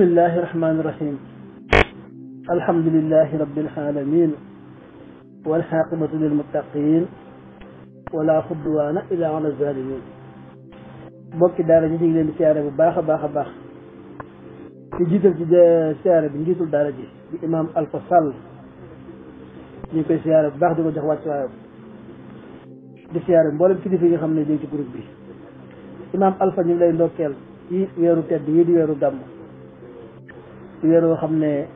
بسم الله الرحمن الرحيم الحمد لله رب العالمين والحاقبة للمتقين ولا خدوان إلا على الظالمين بوك دارة جديدة لسيارة باخ باخ باخ جيت سيارة بنجيت الدارة جي بإمام الفصل نيكو سيارة باخ دوكو جخوات سيارة دي سيارة مبولم كده في جيخم نجيك بروك بي إمام الفصل نيكو لأي نوكيل يي ويرو تدي ويرو دمو weer woo xam ne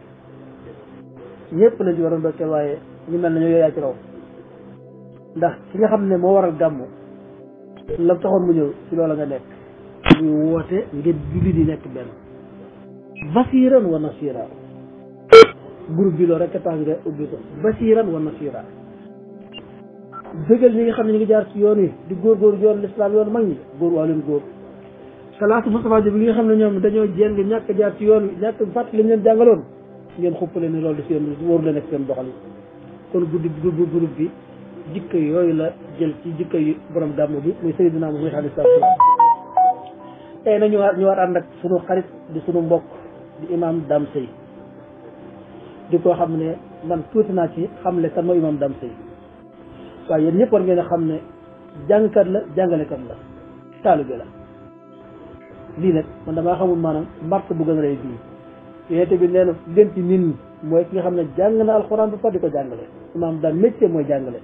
ñëpp lañ ci waroon dokkeel waaye ñu mel ne ñoo ci raw ndax ki nga xam ne moo waral gàmmu la taxoon mu ñëw ci loola nga nekk muy woote ngeen jullit yi nekk benn basiiran wa nasiira groupe bi loolu rek tax nga ubbi ko basiiran wa nasiira bëggal ñi nga xam ne ñu ngi jaar ci yoon wi di góor góor yoon lislaam yoon mag ñi góor waa leen góor salaatu Moustapha Diop nga xam ne ñoom dañoo jéng ñàkk a jaar ci yoon ñàkk fàttali lañ leen jàngaloon ngeen xuppale ni loolu di seen waru la nekk seen doxal yi kon guddi groupe groupe bi jikko yooyu la jël ci jikko yu borom gàmm bi muy Seydina Muhammad alayhi salaatu salaam tey na ñu war ñu war di sunu mbokk di imam Dame di ko xam ne man tuuti naa ci xamle kan mooy imam Dame Seye waaye yéen ñëpp war ngeen a xam ne jàngkat la jàngalekat la taalibe la lii nag man damaa xamul maanaam mbart bu gën a bii yonent bi nee na gën ci nit mooy ki nga xam ne jàng na alxuraan ba fa di ko jàngale maanaam daal métier mooy jàngale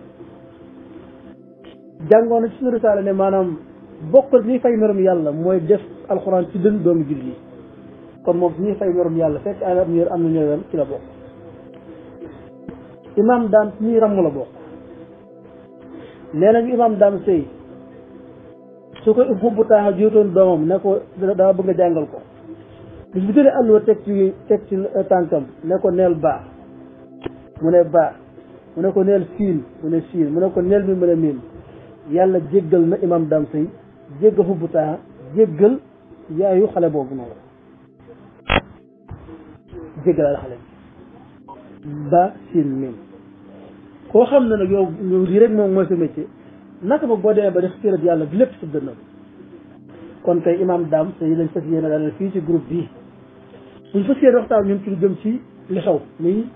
jàngoon na ci suñu risaale ne maanaam bokk li fay merum yàlla mooy def alxuraan ci dënn doomu jullit kon moom ñuy fay merum yàlla fekk am na am na ñëwam ci la bokk imaam daan ñuy ramm la bokk nee nañu imaam daan sëy su ko bu taaxa jiitoon doomam ne ko daa bëgg a jàngal ko bis bi jëlee àlluwa teg ci teg ci eh, tànkam ne ko neel baax mu ne baax mu ne ko neel siin mu ne siin mu ne ko neel mi mu ne miim yàlla jéggal na imam dam sëy jéggal fu bu taaxa jéggal yaayu xale boobu noonu jéggalal xale baax siin miim koo xam ne nag yow yow lii rek moom mooy sa métier naka ba boo demee ba def téerab yàlla bi lépp tudd na kon tey imaam daam tey lañ fas yéene daal fii ci groupe bii buñ fas waxtaan ñun ci lu jëm ci li xew muy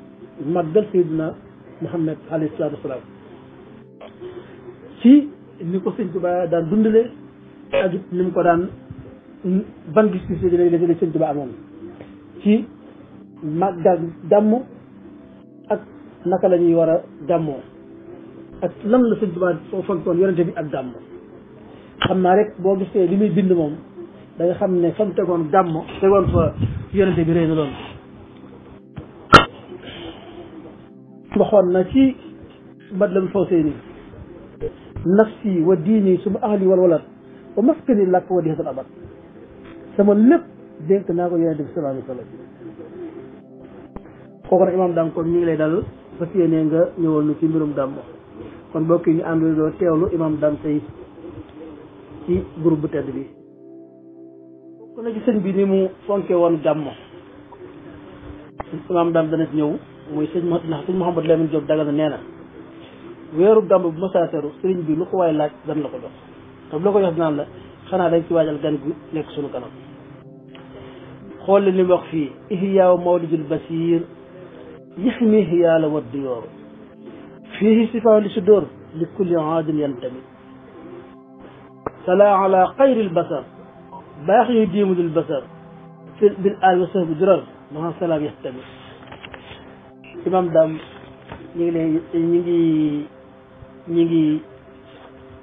màggal Seydina Muhammad alayhi salaatu wasalaam ci ni ko sëñ Tuba daan dundale ak ni mu ko daan ban gis-gis la léeg-léeg sëñ Tuba amoon ci màggal gàmm ak naka la ñuy war a gàmmoo ak lam la sëñ tubaab soo fonkoon yonente bi ak gàmm xam naa rek boo gisee li muy bind moom da nga xam ne fa mu tegoon gàmm tegoon fa yonente bi rëy na lool waxoon na ci badlam foosee ni nafsi wa diini suma ahli wal walad wa maskani làkk wa dihatal abad sama lépp dénk naa ko yonente bi sallallahu alayhi wa sallam kooku nag imaam daan kon ñu ngi lay dal fas yéene nga ñëwal nu ci mbirum gàmmu kon mbokk ñu ñu àndandoo teewlu imam dam Dante ci groupe bu tedd bi. ko na ci sëñ bi ni mu fonke woon jàmm imam dam dana ci ñëw muy sëñ ma ndax sëñ Mouhamadou Lamine job dagal na nee na weeru gàmmo bu masaa seru sëriñ bi lu ko waay laaj dan la ko jox tam bu la ko jox dinaan la xanaa dañ ci waajal gan gu nekk sunu kanam. xool li mu wax fii ihyaaw mawlidul basir yixmi hiyaala wa diyoor فيه صفة للصدور لكل عاد ينتمي سلا على خير البصر باخي يديم ذو البصر في بالآل وصف بجرر ما سلا يهتمي إمام دام نيجي نيجي نيجي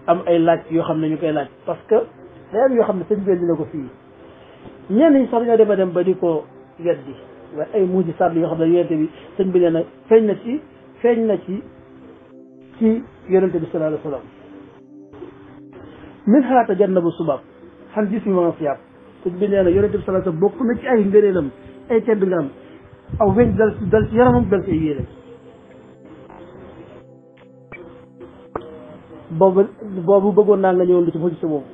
أم أي لاك يوخم نيجي أي لاك بس ك لا يوخم نسيب بيل نيجي فيه نيجي نسافر نيجي بدم بديكو يدي وأي موجي سافر يوخم نيجي يدي سنبيل نيجي فين نسي فين نسي ci yonente bi sallallahu alayhi wasallam minha tajannabu subab xan gis mi ma fiyaat sëñ bi nee na yonente bi sallallahu alayhi wasallam bokk na ci ay ngëneelam ay tedd nga am aw weñ dal dal ci yaramam dal ci ay yéene boobu boobu bëggoon naa nga ñëwoon lu ci mujj sa boobu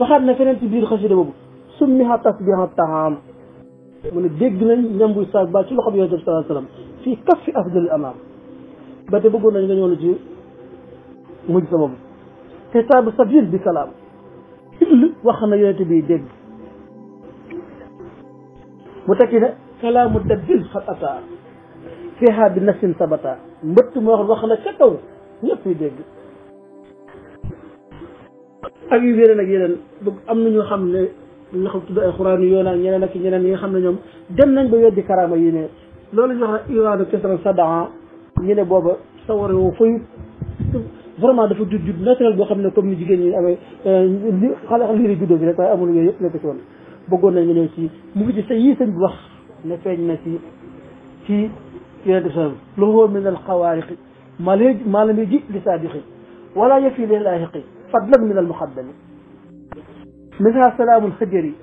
waxaat na feneen ci biir xasida boobu summiha tasbiha taam mu ne dégg nañ ñam buy saag baa ci loxob yonente bi sallallahu alayhi wasallam fii kaffi afdal amaam ba te bëggoon nañ nga ñëw ci mujj sa boobu xitaabu sabil bi salaam ibl wax na yonent bi dégg mu tekki ne kalaamu dabbil xat ataa fiha bi nafsin sabata mbëtt moo wax na dégg ak yu yeneen ak yeneen am na ñoo xam ne nga xam tudd ay xuraan yu yoon ak ñeneen ak ñeneen yi nga xam ne ñoom dem nañ ba weddi karaama yi ne loolu ñu wax na iwaanu kesran sadaa ñu ne booba sawar woo fay vraiment dafa jut jut naturel boo xam ne comme ni jigéen ñi amee li xale xale yi juddoo bi rek waaye amul yooyu yëpp nekk ci woon bëggoon nañ nga ñëw ci mu ngi ci sa yii sëñ bi wax ne feeñ na ci ci yonente bi sallam lahu min al xawaariqi ma lay ma lam ji li saadiqi wala yafi li laahiqi fadlan min al muqaddami منها سلام الحجري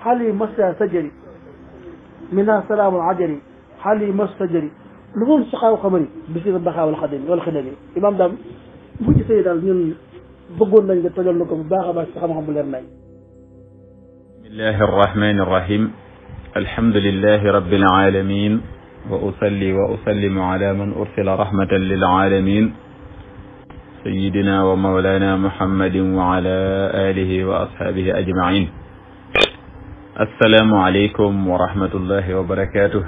حلي مسا سجري منها سلام العجري حلي مسا سجري لمن سخاو خمري بسيط بخاو الخدمي والخدمي إمام دام بوجي سيد المن بقول لنا تجول لكم باخا ما سخاو خمري لنا بسم الله الرحمن الرحيم الحمد لله رب العالمين وأصلي وأسلم على من أرسل رحمة للعالمين سيدنا ومولانا محمد وعلى آله وأصحابه أجمعين السلام عليكم ورحمة الله وبركاته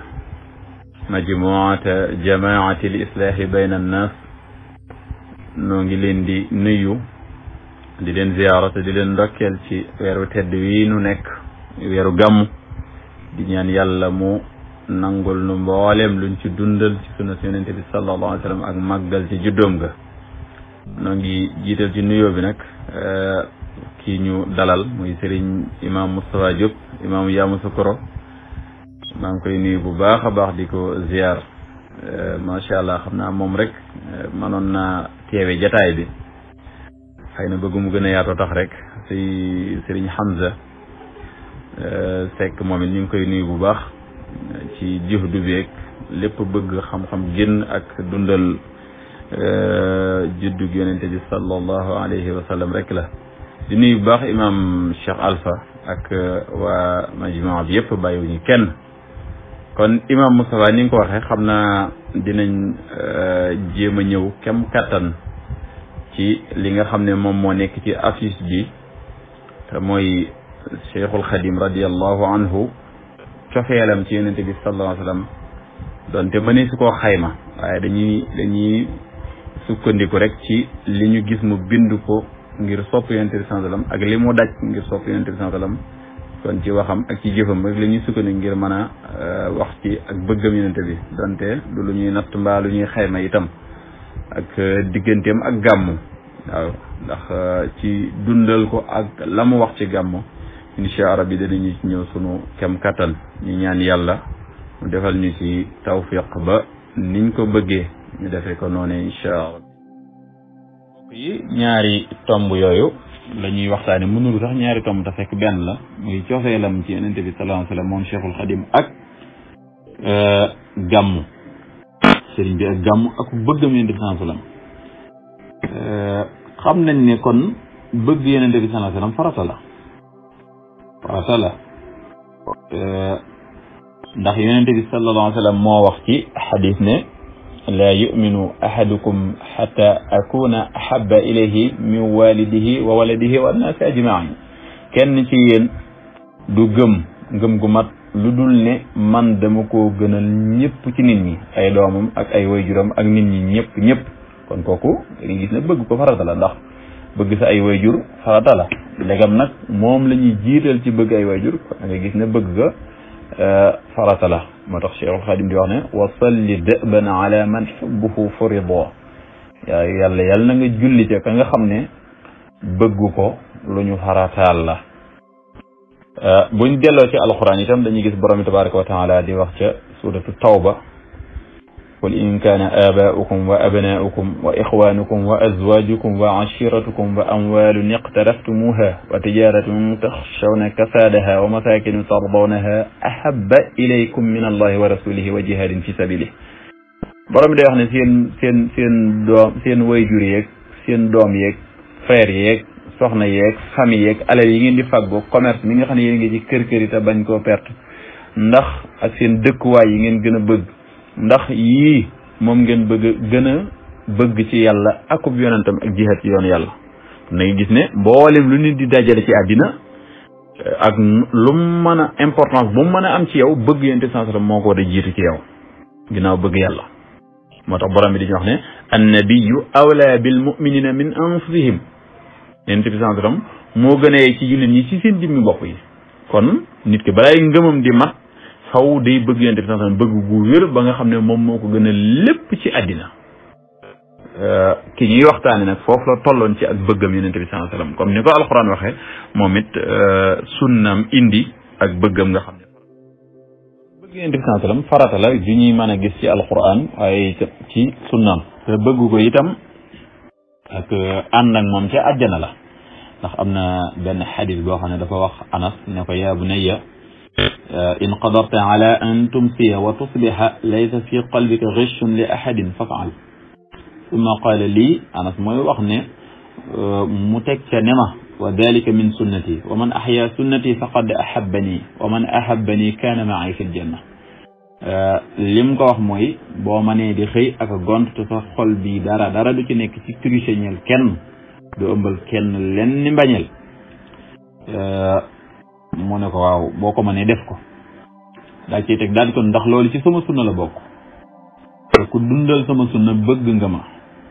majmuata jamaati l islaahi bayn annas noo ngi leen di nuyu di leen ziyaarata di leen ndokkeel ci weeru tedd wii nu nekk weeru gàmm di ñaan yàlla mu nangul nu mbooleem luñ ci dundal ci sunna si yonente bi sallallahu alayhi ak màggal ci juddoom ga noo ngi jiital ci nuyoo bi nag eh, kii ñu dalal muy sëriñ imam Moustapha Diop imam Yamoussoukouro maa ngi koy nuyu bu baax a baax di ko ziar macha allah xam naa moom rek manoon naa teewe jataay bi xëy na bëgg mu gën a yaatoo tax rek si sëriñ Hamza fekk moom it ñu ngi koy nuyu bu baax ci jihdu beeg lépp bëgg xam-xam génn ak dundal juddug yonente bi sallallahu alayhi wa sallam rek la di nuyu bu baax imam Cheikh Alpha ak waa majmaa bi yëpp bàyyiwuñu kenn kon imam Moustapha ni nga ko waxee xam naa dinañ euh, jéem a ñëw kem kàttan ci li nga xam ne moom moo nekk ci affiche bi te mooy cheikhul xadim radiallahu anhu cofeelam ci yonente bi sallallahu alayhi wa sallam donte mënee xayma waaye dañuy dañuy sukkandiku rek ci li ñu gis mu bind ko ngir sopp yonente bi sallallahu alayhi wa ak li mu daj ngir sopp yonente bi sallallahu alayhi wa kon ci waxam ak ci jëfam rek la ñuy sukkandiku ngir mën euh, wax ci ak bëggam yonent bi donte du lu ñuy natt mbaa lu ñuy xayma itam ak euh, digganteem ak gàmmu waaw ndax euh, ci dundal ko ak la mu wax ci gàmmu incha allah bi danañu ci ñëw sunu kem kattan ñu ñaan yàlla mu defal ñu ci tawfiq ba niñ ko bëggee ñu defee ko noonu incha allah. yi ñaari tomb yooyu. la ñuy waxtaane mënul sax ñaari tomb te fekk benn la muy cofeelam ci yonent bi sallallahu alayhi wasallam moom Cheikhul Xadim ak euh, gàmmu sëriñ bi ak gàmmu ak bëggam yonent euh, nañ ne kon bëgg yonent bi sallallahu alayhi farata la farata la euh, ndax yonent bi sallallahu alayhi moo wax ci xadis ne laa yuminu ahadukum xata akuna ahaba ilayhi min walidihi wa waladihi wa annaasi ajmain kenn ci yéen du gëm ngëm gu mat lu dul ne man dama ko gënal ñëpp ci nit ñi ay doomam ak ay wayjuram ak nit ñi ñëpp ñépp kon kooku dañuy gis ne bëgg ko farata la ndax bëgg ay wayjur nag moom la ñuy ci bëgg ay wayjur kon da nga gis ne bëgg ga euh, farata la moo tax Cheikhul Xadim di wax ne wa salli dëban ala man furido yaa yàlla yàlla na nga julli ca ka nga xam ne bëggu ko lu ñu farataal la ah, buñ delloo ci alxuraan itam dañuy gis borom bi tabaraka wa taala di wax ca suuratu tawba قل إن كان آباؤكم وأبناؤكم وإخوانكم وأزواجكم وعشيرتكم وأموال اقترفتموها وتجارة تخشون كسادها ومساكن ترضونها أحب إليكم من الله ورسوله وجهاد في سبيله برام دي واخني سين سين سين دوم سين ويجور سين دوم ييك فير ييك سوخنا ييك فامي ييك علال ييغي ندي فاغو كوميرس ميغي خاني ييغي جي كير كيري تا بانكو بيرت نخ اك سين دكو واي ييغي ndax yii moom ngeen bëgg gën a bëgg ci yàlla akub yonentam ak jihaat ci yoon yàlla na gis ne mboolem lu nit di dajale ci àddina eh, ak lu mën a importance bu mën a am ci yow bëgg yonent bi sallam moo ko war a jiitu ci yow ginnaaw bëgg yàlla moo tax borom bi di ñu ne ne annabiyu awla bil muminina min anfusihim yonent bi sallam moo gën a ci jullit ñi ci seen jëmmi bopp yi kon nit ki balaay ngëmam di mat faw day bëgg yonent bi sax bëgg gu wér ba nga xam ne moom moo ko gën a lépp ci àddina euh, ki ñuy waxtaane nag foofu la tolloon ci ak bëggam yonent bi sax sallam comme ni ko alxuraan waxee moom it euh, sunnam indi ak bëggam nga xam ne bëgg yonent bi sax sallam farata la ju ñuy mën a gis ci alxuraan waaye ci sunnam te bëgg ko itam ak euh, ànd ak moom ca àjjana la ndax am na benn xadis boo xam ne dafa wax anas ne ko yaa bunayya آه، إن قدرت على أن تمسي وتصبح ليس في قلبك غش لأحد فافعل ثم قال لي أنا موي وخني آه، متكنمة وذلك من سنتي ومن أحيا سنتي فقد أحبني ومن أحبني كان معي في الجنة لم آه، ko wax mooy boo manee di xëy دارا gont te sa xol bi dara dara du ci nekk mu ne ko waaw boo ko mënee def ko daal ciy teg daal kon ndax loolu ci sama sunna la bokk te ku dundal sama sunna bëgg nga ma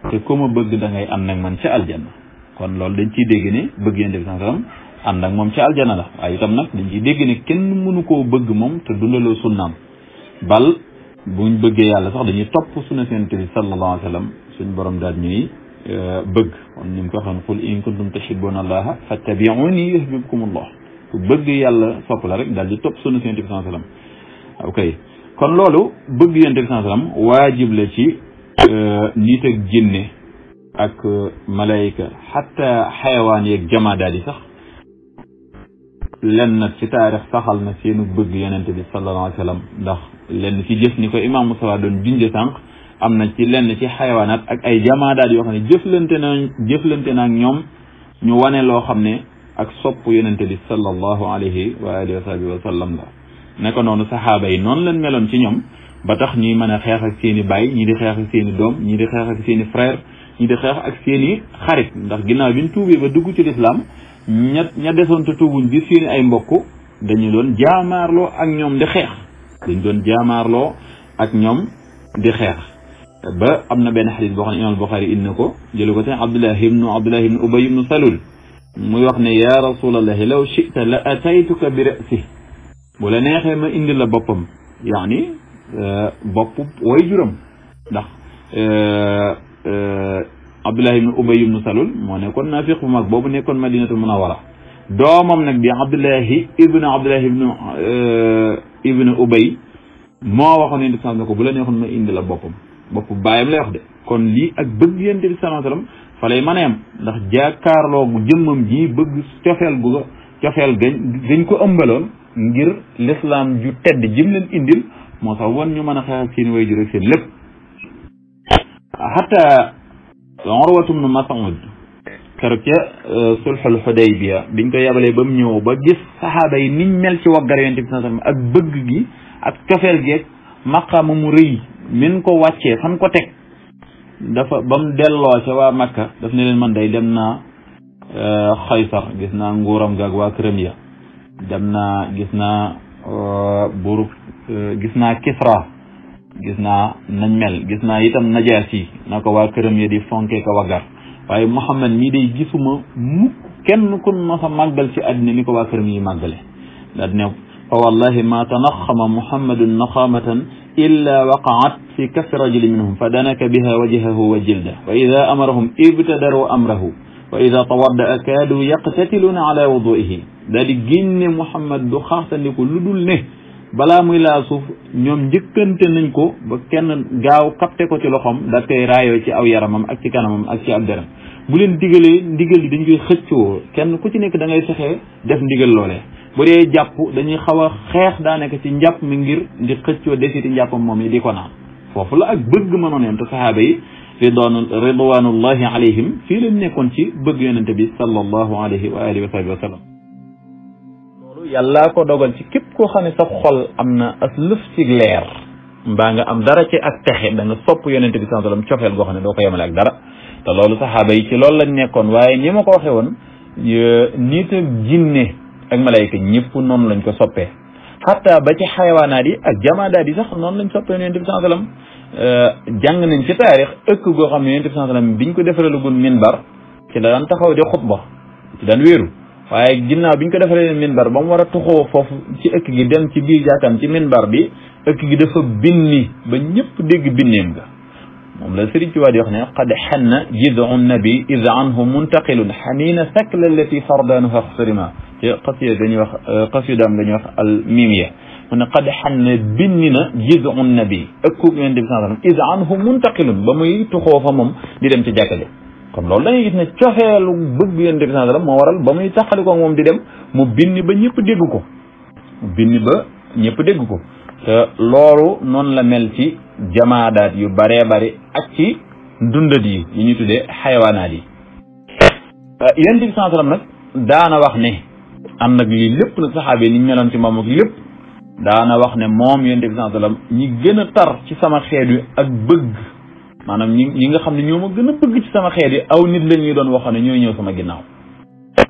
te ko ma bëgg da ngay ànd ak man ca aljanna kon loolu dañ ciy dégg ne bëgg yéen ànd ak moom ca aljana la waaye itam nag dañ ciy dégg ne kenn mënu koo bëgg moom te dundaloo sunnaam bal buñ bëggee yàlla sax dañuy topp sunna seen bi sallallahu alayhi suñ borom daal ñuy euh, bëgg kon ni mu ko waxoon qul in kuntum tuhibbuna allaha fattabi'uni yuhbibkumullah ku bëgg yàlla sopp la rek daal di topp sunna si yonent bi saa sallam ok kon loolu bëgg yonent bi saa sallam waajib la ci euh, nit ak jinne ak euh, malayka xatta xayawaan yeeg jamaadaat yi sax lenn nag ci taarix saxal na seenu bëgg yonent bi sallallahu alayhi wa sallam ndax lenn ci jëf ni ko imaam Moussa doon junje sànq am na ci lenn ci xayawaanaat ak ay jamaadaat yoo xam ne jëflante na jëflante ak ñoom ñu wane loo xam ne ak sopp yonente bi sallallahu alayhi wa alihi wa sahbihi wa sallam la naka nonu sahaba yi non len melon ci ñom ba tax ñuy mën xex ak seeni bay ñi di xex ak seeni dom ñi di xex ak seeni frère ñi di xex ak seeni xarit ndax ginnaaw biñ tuubé ba dugg ci l'islam ñat ña desoon ta tuubuñ bi seeni ay mbokk dañu doon jaamarlo ak ñom di xex dañ doon jaamarlo ak ñom di xex ba amna ben hadith bo boo xam ne imaam Buxaari indi na ko jële Abdullah ibn Abdullah ibn Ubay ibn Salul muy wax ne yaa rasulallah law chita la ataytuka bi ra'si bu la neexee ma indi la boppam yaani bopp way juram ndax abdullah ibnu ubay ibnu salul moo nekkoon naafiq bu mag boobu nekkoon madinatul munawara doomam nag bi abdullahi ibnu abdullahi ibnu ibnu ubay moo waxoon yonent bi sallallahu alayhi wa sallam ko bu la neexoon ma indi la boppam bopp baayam lay wax de kon lii ak bëgg yonent bi sallallahu alayhi wa sallam fa lay mën a ndax jàkkaarloo gu jëmmam ji bëgg cofeel gu cofeel gañ gañ ko ëmbaloon ngir lislaam ju tedd jëm leen indil moo sax wan ñu mën a xeex ak seen wayjur ak seen lépp xataa Urwatu bnu Mas'ud keroog ca euh, sulxul xudaybiya biñ ko yebalee ba mu ñëw ba gis saxaaba yi niñ mel ci waggar yonent bi sallam ak bëgg gi ak cofeel gi ak maqaama mu rëy min ko wàccee fan ko teg dafa ba mu delloo ca waa Makka daf ne leen man day dem naa euh, Xaysar gis naa nguuram gaag waa këram ya dem naa gis naa euh, buur euh, gis naa Kisra gis naa nañ mel gis naa itam Najaasi na ko waa këram ya di fonke ko waggar waaye Muhammad mii day gisuma mu kenn kun masa màggal ci àddina ni ko waa yi màggale daal fa wallahi ma tanaxama Muhammadun naxamatan إلا وقعت في كف رجل منهم فدنك بها وجهه وجلده وإذا أمرهم ابتدروا أمره وإذا طورد أكادوا يقتتلون على وضوئه ذلك جن محمد دخاسا لكل دلنه بلا ملا سوف نيوم جكنت نينكو با كين گاو كابتي كو تي لوخوم دا تي رايو تي او يرامم اك تي كانامم اك تي ادرام بولين ديغلي ديغلي دنجي خيتو كين كو تي نيك دا ngay لوله bu dee jàpp dañuy xaw a xeex daanaka ci njàpp mi ngir di xëccoo desiti jàpp moom yi di ko naan foofu la ak bëgg mënoon yem te sahaaba yi ridwan ridwanullahi alayhim fii lañ nekkoon ci bëgg yonente bi sallallahu alayhi wa alihi wa sahbi wa sallam loolu ko dogal ci képp koo xam ne sa xol am na as lëf ci leer mbaa nga am dara ci ak texe da nga sopp yonente bi sallallahu alayhi wa sallam cofeel goo xam ne doo ko yemale ak dara te loolu sahaaba yi ci loolu lañ nekkoon waaye ni ma ko waxee woon nit ak jinne ak malaika ñëpp non lañ ko soppé hatta ba ci hayawana di ak jamaadaat di sax non lañ soppé ñu bi saa euh jàng nañ ci taarix ëkk go xam ñu yonent bi sallam biñ ko defaralagul minbar ci da lan taxaw di khutba ci dan wëru waye ginnaw biñ ko defaree minbar ba mu wara a fofu ci ëkk gi dem ci biir jaatam ci minbar bi ëkk gi dafa binni ba ñëpp dégg binneem nga mom la serigne ci di wax ne qad hanna jid'u nabi id anhu muntaqilun hanina sakla allati fardanha khsirma ca xasida dañuy wax xasidaam euh, dañuy wax al mimiya mu ne xad xam ne binni na jizun nabi ëkkub yonent bi sallallahu alayhi wasallam is anhu muntaqilun ba muy tuxoo fa moom di dem ci jàkka ji kon loolu dañuy gis ne coxeelu bëgg yonent bi sallallahu alayhi wasallam moo waral ba muy ko moom di dem mu binni ba ñëpp dégg ko mu binni ba ñépp dégg ko te loolu noonu la mel ci jamaadaat yu baree bari ak ci ndundat yi yi ñu tuddee xayawaanaat yi euh, yonent bi sallallahu alayhi wasallam nag daana wax ne ànd ak lii lépp na sahabe ni meloon mom ak lépp da na wax ne mom yonent bi sallam ñi gën tar ci sama xeet wi ak bëgg manam ñi nga xamni ne ñoo ma gën bëgg ci sama xeet yi aw nit lañ ñuy doon wax ne ñoy ñëw sama ginnaw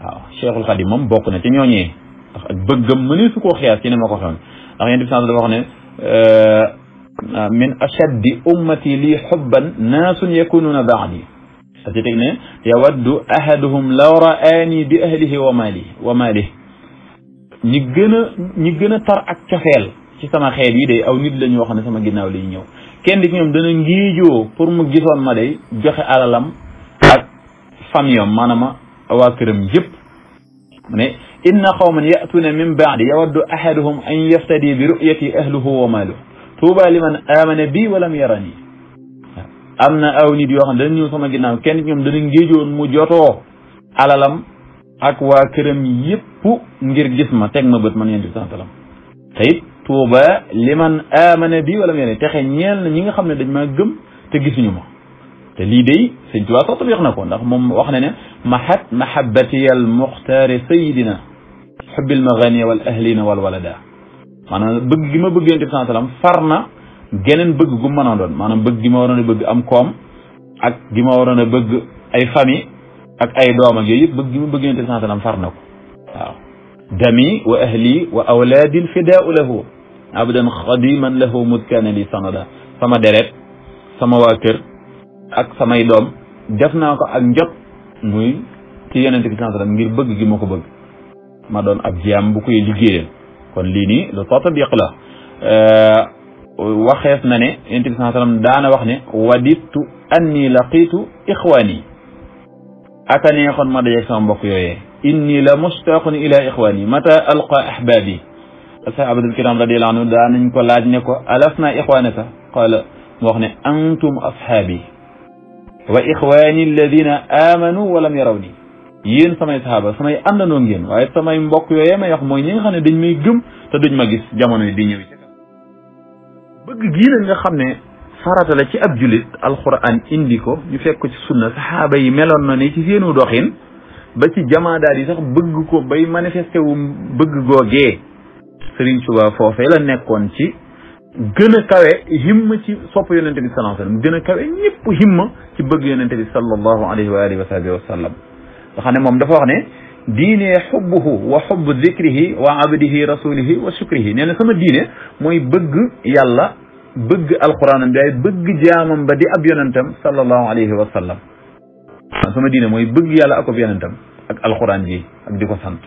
waaw Cheikhul Khadim mom bokku na ci ñooñee ndax ak bëggam mëne su ko xeer ci ne ma ko waxoon ndax yonent bi sallallahu alayhi wax ne euh min ashadd ummati li hubban nas yakununa ba'di ستجدني يود أحدهم لو رآني بأهله وماله وماله ñi gën a ñi gën a tar ak cofeel ci sama xeet yi day aw nit lañu ñu wax ne sama ginnaaw lay ñëw kenn ci ñoom dana ngiijoo pour mu gisoon ma day joxe alalam ak famiyam maanaam waa këram yëpp mu ne inna qawman ya'tuuna min ba'di yawaddu ahaduhum an yaftadi bi ru'yati ahluhu wa maaluhu tuuba liman aamana bi wa lam yarani am na aw nit yoo xam ne dana ñëw sama ginnaaw kenn ci ñoom dana ngiijoon mu jotoo alalam ak wa kërëm yépp ngir gis ma teg ma bët man yonent bi sallallahu alayhi wasallam te it tuuba liman amana bi wala mu yene texe ñeel ñi nga xam ne dañ maa gëm te gisuñu ma te lii day sëñ Tuubaa sax tatbiq na ko ndax moom wax na ne mahat mahabbati al muxtaari sayidina xubbil maganiya wal ahlina wal walada maanaam bëgg gi ma bëgg yonent bi sallallahu alayhi far na geneen bëgg gu mënoon doon maanaam bëgg gi ma waroon a bëgg am koom ak gi ma waroon a bëgg ay famille ak ay doom ak yooyu bëgg gi mu bëgg yonent bi saa salaam waaw dami wa ahli wa awlaadi fida'u lahu abdan khadiman lahu mutkan li sanada sama deret sama wa keur ak samay doom def naa ak njot muy ci yonent bi saa ngir bëgg gi ma bëgg ma doon ab jiam bu koy liggéeyal kon lii nii lu tatbiq la waxees na ne yonent bi saa daana wax ne waditu anni laqitu ixwaani أتني يكون ما ديك سام بقية إني لا مشتاق إلى إخواني متى ألقى أحبابي أصحاب عبد الكرام رضي الله عنه دعاني يقول لاجني كو ألفنا إخوانك قال وغني أنتم أصحابي وإخواني الذين آمنوا ولم يروني yin samay sahaba samay and ngeen waye samay mbokk yoyé may wax moy ñi nga xamné dañ may gëm té duñ ma gis jamono di ñëw ci kaw bëgg gi nga xamné farata la ci ab julit alquran indi ko ñu fekk ko ci sunna saxaaba yi meloon na ni ci seenu doxin ba ci jamaadaat yi sax bëgg ko bay manifesté wu bëgg googee Sëriñ Tuubaa foofee la nekkoon ci gën a kawe himma ci sopp yonente bi sallallahu alayhi wa sallam gën kawe ñëpp himma ci bëgg yonente bi sallallahu alayhi wa wa sahbihi wa sallam nga moom dafa wax ne diine xubbuhu wa xubb zikrihi wa abdihi rasulihi wa shukrihi nee na sama diine mooy bëgg yàlla bëgg alquranam bi waaye bëgg jaamam ba di ab yonentam sallallahu alayhi wa sallam man diine mooy bëgg yàlla ako ab yonentam ak alquran ji ak di ko sant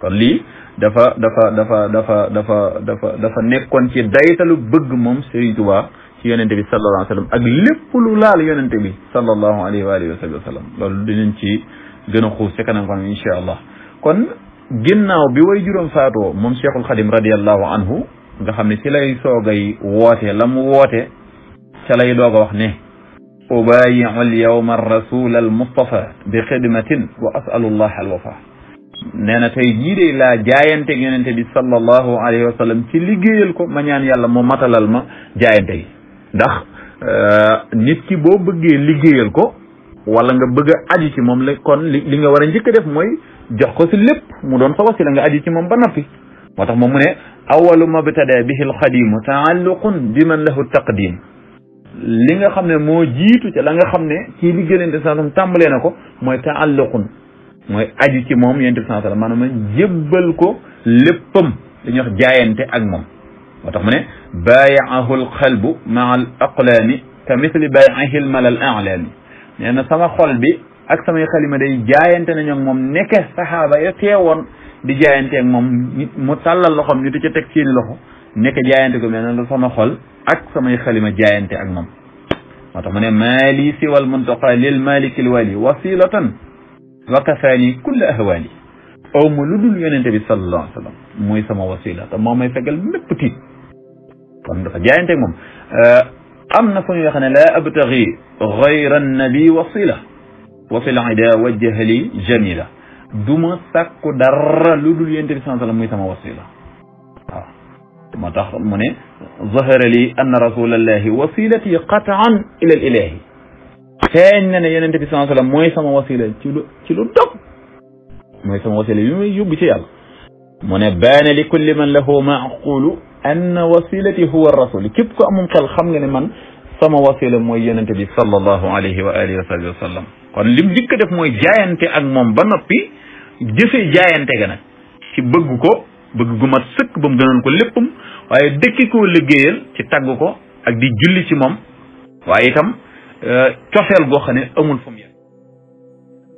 kon lii dafa dafa dafa dafa dafa dafa dafa nekkoon ci daytalu bëgg moom Sëriñ Tuubaa ci yonente bi sallallahu alayhi wa ak lépp lu laal yonente bi sallallahu alayhi wa alihi wa sallam ci gën a xuus ci kanam kanam insha allah kon ginnaaw bi way juróom faatoo moom Cheikhul Xadim radiallahu anhu nga xamni ci lay soogay wote lam wote ci lay doog wax ne al-yawma ar-rasul al-mustafa bi khidmatin wa asalu Allah al-wafa neena tay jii de laa jaayante ak bi sallallahu alayhi wa sallam ci liggéeyal ko ma ñaan yàlla mo matalal ma jaayante yi ndax nit ki bo bëggee liggéeyal ko wala nga bëgg a ci mom la kon li nga wara ñëk def moy jox ko ci lépp mu doon fa wax ci la nga aju ci mom ba nopi motax mom mu ne awalu mabtada bihi alxadimu taalluqun bi man lahu taqdim li nga xam ne moo jiitu ca la nga xam ne kii di gëlante sallam tàmbalee na ko mooy taalluqun mooy aju ci moom yonent bi sallam maanaam jébbal ko léppam dañuy wax jaayante ak moom moo tax mu ne baayaahu alqalbu maa al aqlaami ka misli baayaahi almal al alaami nee na sama xol bi ak samay xalima day jaayante nañu ak mom nekke sahaba ya téwon di jaayante ak mom nit mu talal loxom nit ci tek teg loxo nekke jaayante ko mel ne sama xol ak samay xalima jaayante ak mom moo mané mali si wal siwal muntaqa lil malik al wali wasilatan wa kafaani kull ahwali aw ma lu yonente bi sallallahu alayhi wasallam moy sama wasila ta moo may fegal mépp tiit kon dafa jaayante ak mom euh amna fu ñuy wax ne laa abtaxi gayra annabi wasila وفي العداء والجهل جميلة دوما تاك دار لودول ينتبه سنة الله ميتا وصيلة آه. ما تخرج من ظهر لي أن رسول الله وصيلتي قطعا إلى الإله فإننا ينتبه سنة الله ميتا وصيلة تلو دوك ميتا وصيلة يمي يبتي الله من بان لكل من له معقول أن وصيلتي هو الرسول كيف كأمم كالخمجن من سما وصيلة مويا نتبه صلى الله عليه وآله وسلم kon lim njëkk def mooy jaayante ak moom ba noppi jëfee jaayante ga nag ci bëgg ko bëgg gu mat sëkk ba mu gënoon ko léppam waaye dëkki ko liggéeyal ci tagg ko ak di julli ci moom waaye itam euh, cofeel goo xam ne amul fu mu yem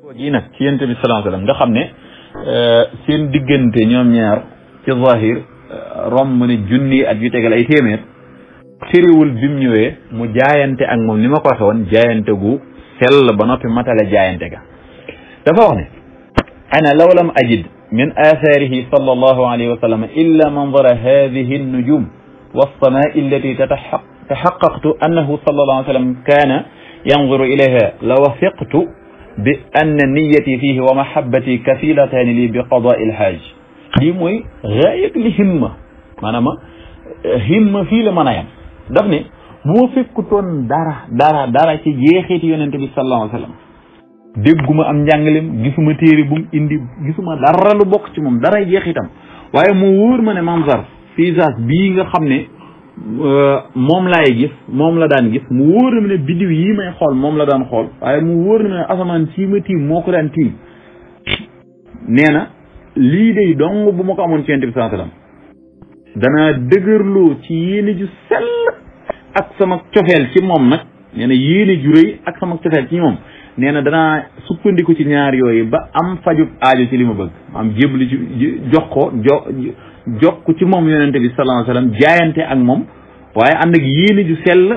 koo ji nag ci yente bi sallallahu alayhi wasallam nga xam ne euh, seen diggante ñoom ñaar ci zahir euh, romb ne junni at yu ay téeméer téréwul bi mu ñëwee mu jaayante ak moom lima ma ko waxee jaayante gu sell ba noppi matale jaayante ga dafa wax ne ana law lam ajid min atharihi sallallahu alayhi wa sallam illa manzara hadihi an-nujum was-samaa'i allati tahaqqaqtu annahu sallallahu alayhi wa sallam kana ينظر إليها لوثقت بأن نيتي فيه ومحبتي كفيلتان لي بقضاء الحاج lii mooy gaayat li himma maanaam himma fii la mën a yam daf ne bu ma fekkutoon dara dara dara ci jeexiti yonent bi sallallahu alayhi wa dégguma am njàngalem gisuma téere bu mu indi gisuma dara lu bokk ci moom dara jeexitam waaye mu wóor ma ne Mamzar paysage bii nga xam ne euh, moom laay gis moom la daan gis mu wóor na ma ne biddiw yi may xool moom la daan xool waaye mu wóor na ma ne asamaan sii ma tiim moo ko daan tiim nee na lii day dong bu ma ko amoon ci yonent bi danaa dëgërloo ci yéene ju sell ak sama cofeel ci moom nag nee na yéene ju rëy ak sama cofeel ci moom nee na danaa sukkandiku ci ñaar yooyu ba am faju aajo ci li ma bëgg am jébli ci jox ko jo jokk ci moom yonente bi sallallahu alayhi jaayante ak moom waaye ànd ak yéene ju sell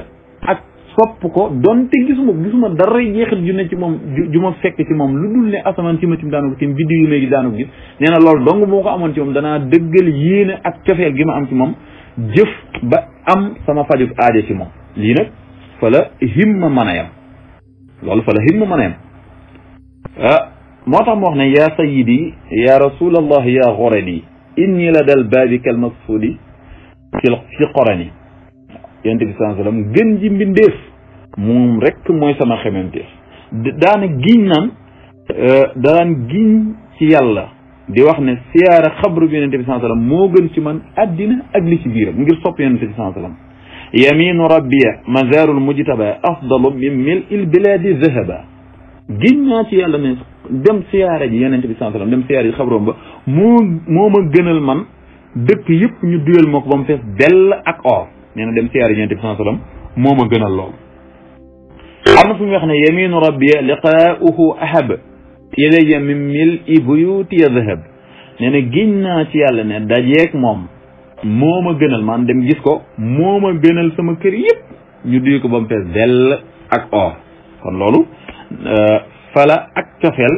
ak sopp ko donte gisuma gisuma dara jeexit ju ne ci moom ju ma fekk ci moom lu dul ne asamaan ci ma tim daanu ko tim biddi yu may gi daanu ko gis nee na dong moo ko amoon ci moom danaa dëggal yéene ak cofeel gi ma am ci moom jëf ba am sama fajug aajo ci moom lii nag fa la himma mën a yem loolu fa la himma mën a yem ah moo tax mu wax ne yaa sayidi yaa rasul allah yaa xorani inni la dal baabi kal maqsuudi fi fi xorani yonente bi saa sallam gën ji mbindeef moom rek mooy sama xememteef daana giñ naan daan giñ ci yàlla di wax ne siyaara xabru bi yonente bi saa sallam moo gën ci man addina ak li ci biiram ngir sopp yonente bi saa sallam yaminu rabbiya mazarul mujtaba afdalu min mil il biladi zahaba giñ naa ci yàlla ne dem siyaara ji yonente bi saa sallam dem siyaara ji xabroom ba moo moo ma gënal man dëkk yëpp ñu duyal moo ko ba mu fees dell ak or nee na dem siyaara ji yonente bi saa sallam moo ma gënal na fu wax ne yaminu ahab ilayya min mil'i buyuti yadhhab nee na giñ naa ci yàlla ne dajeeg moom moo ma gënal man dem gis ko moo ma gënal sama kër yëpp ñu duy ko ba mu fees dell ak or kon loolu euh, fala ak cofeel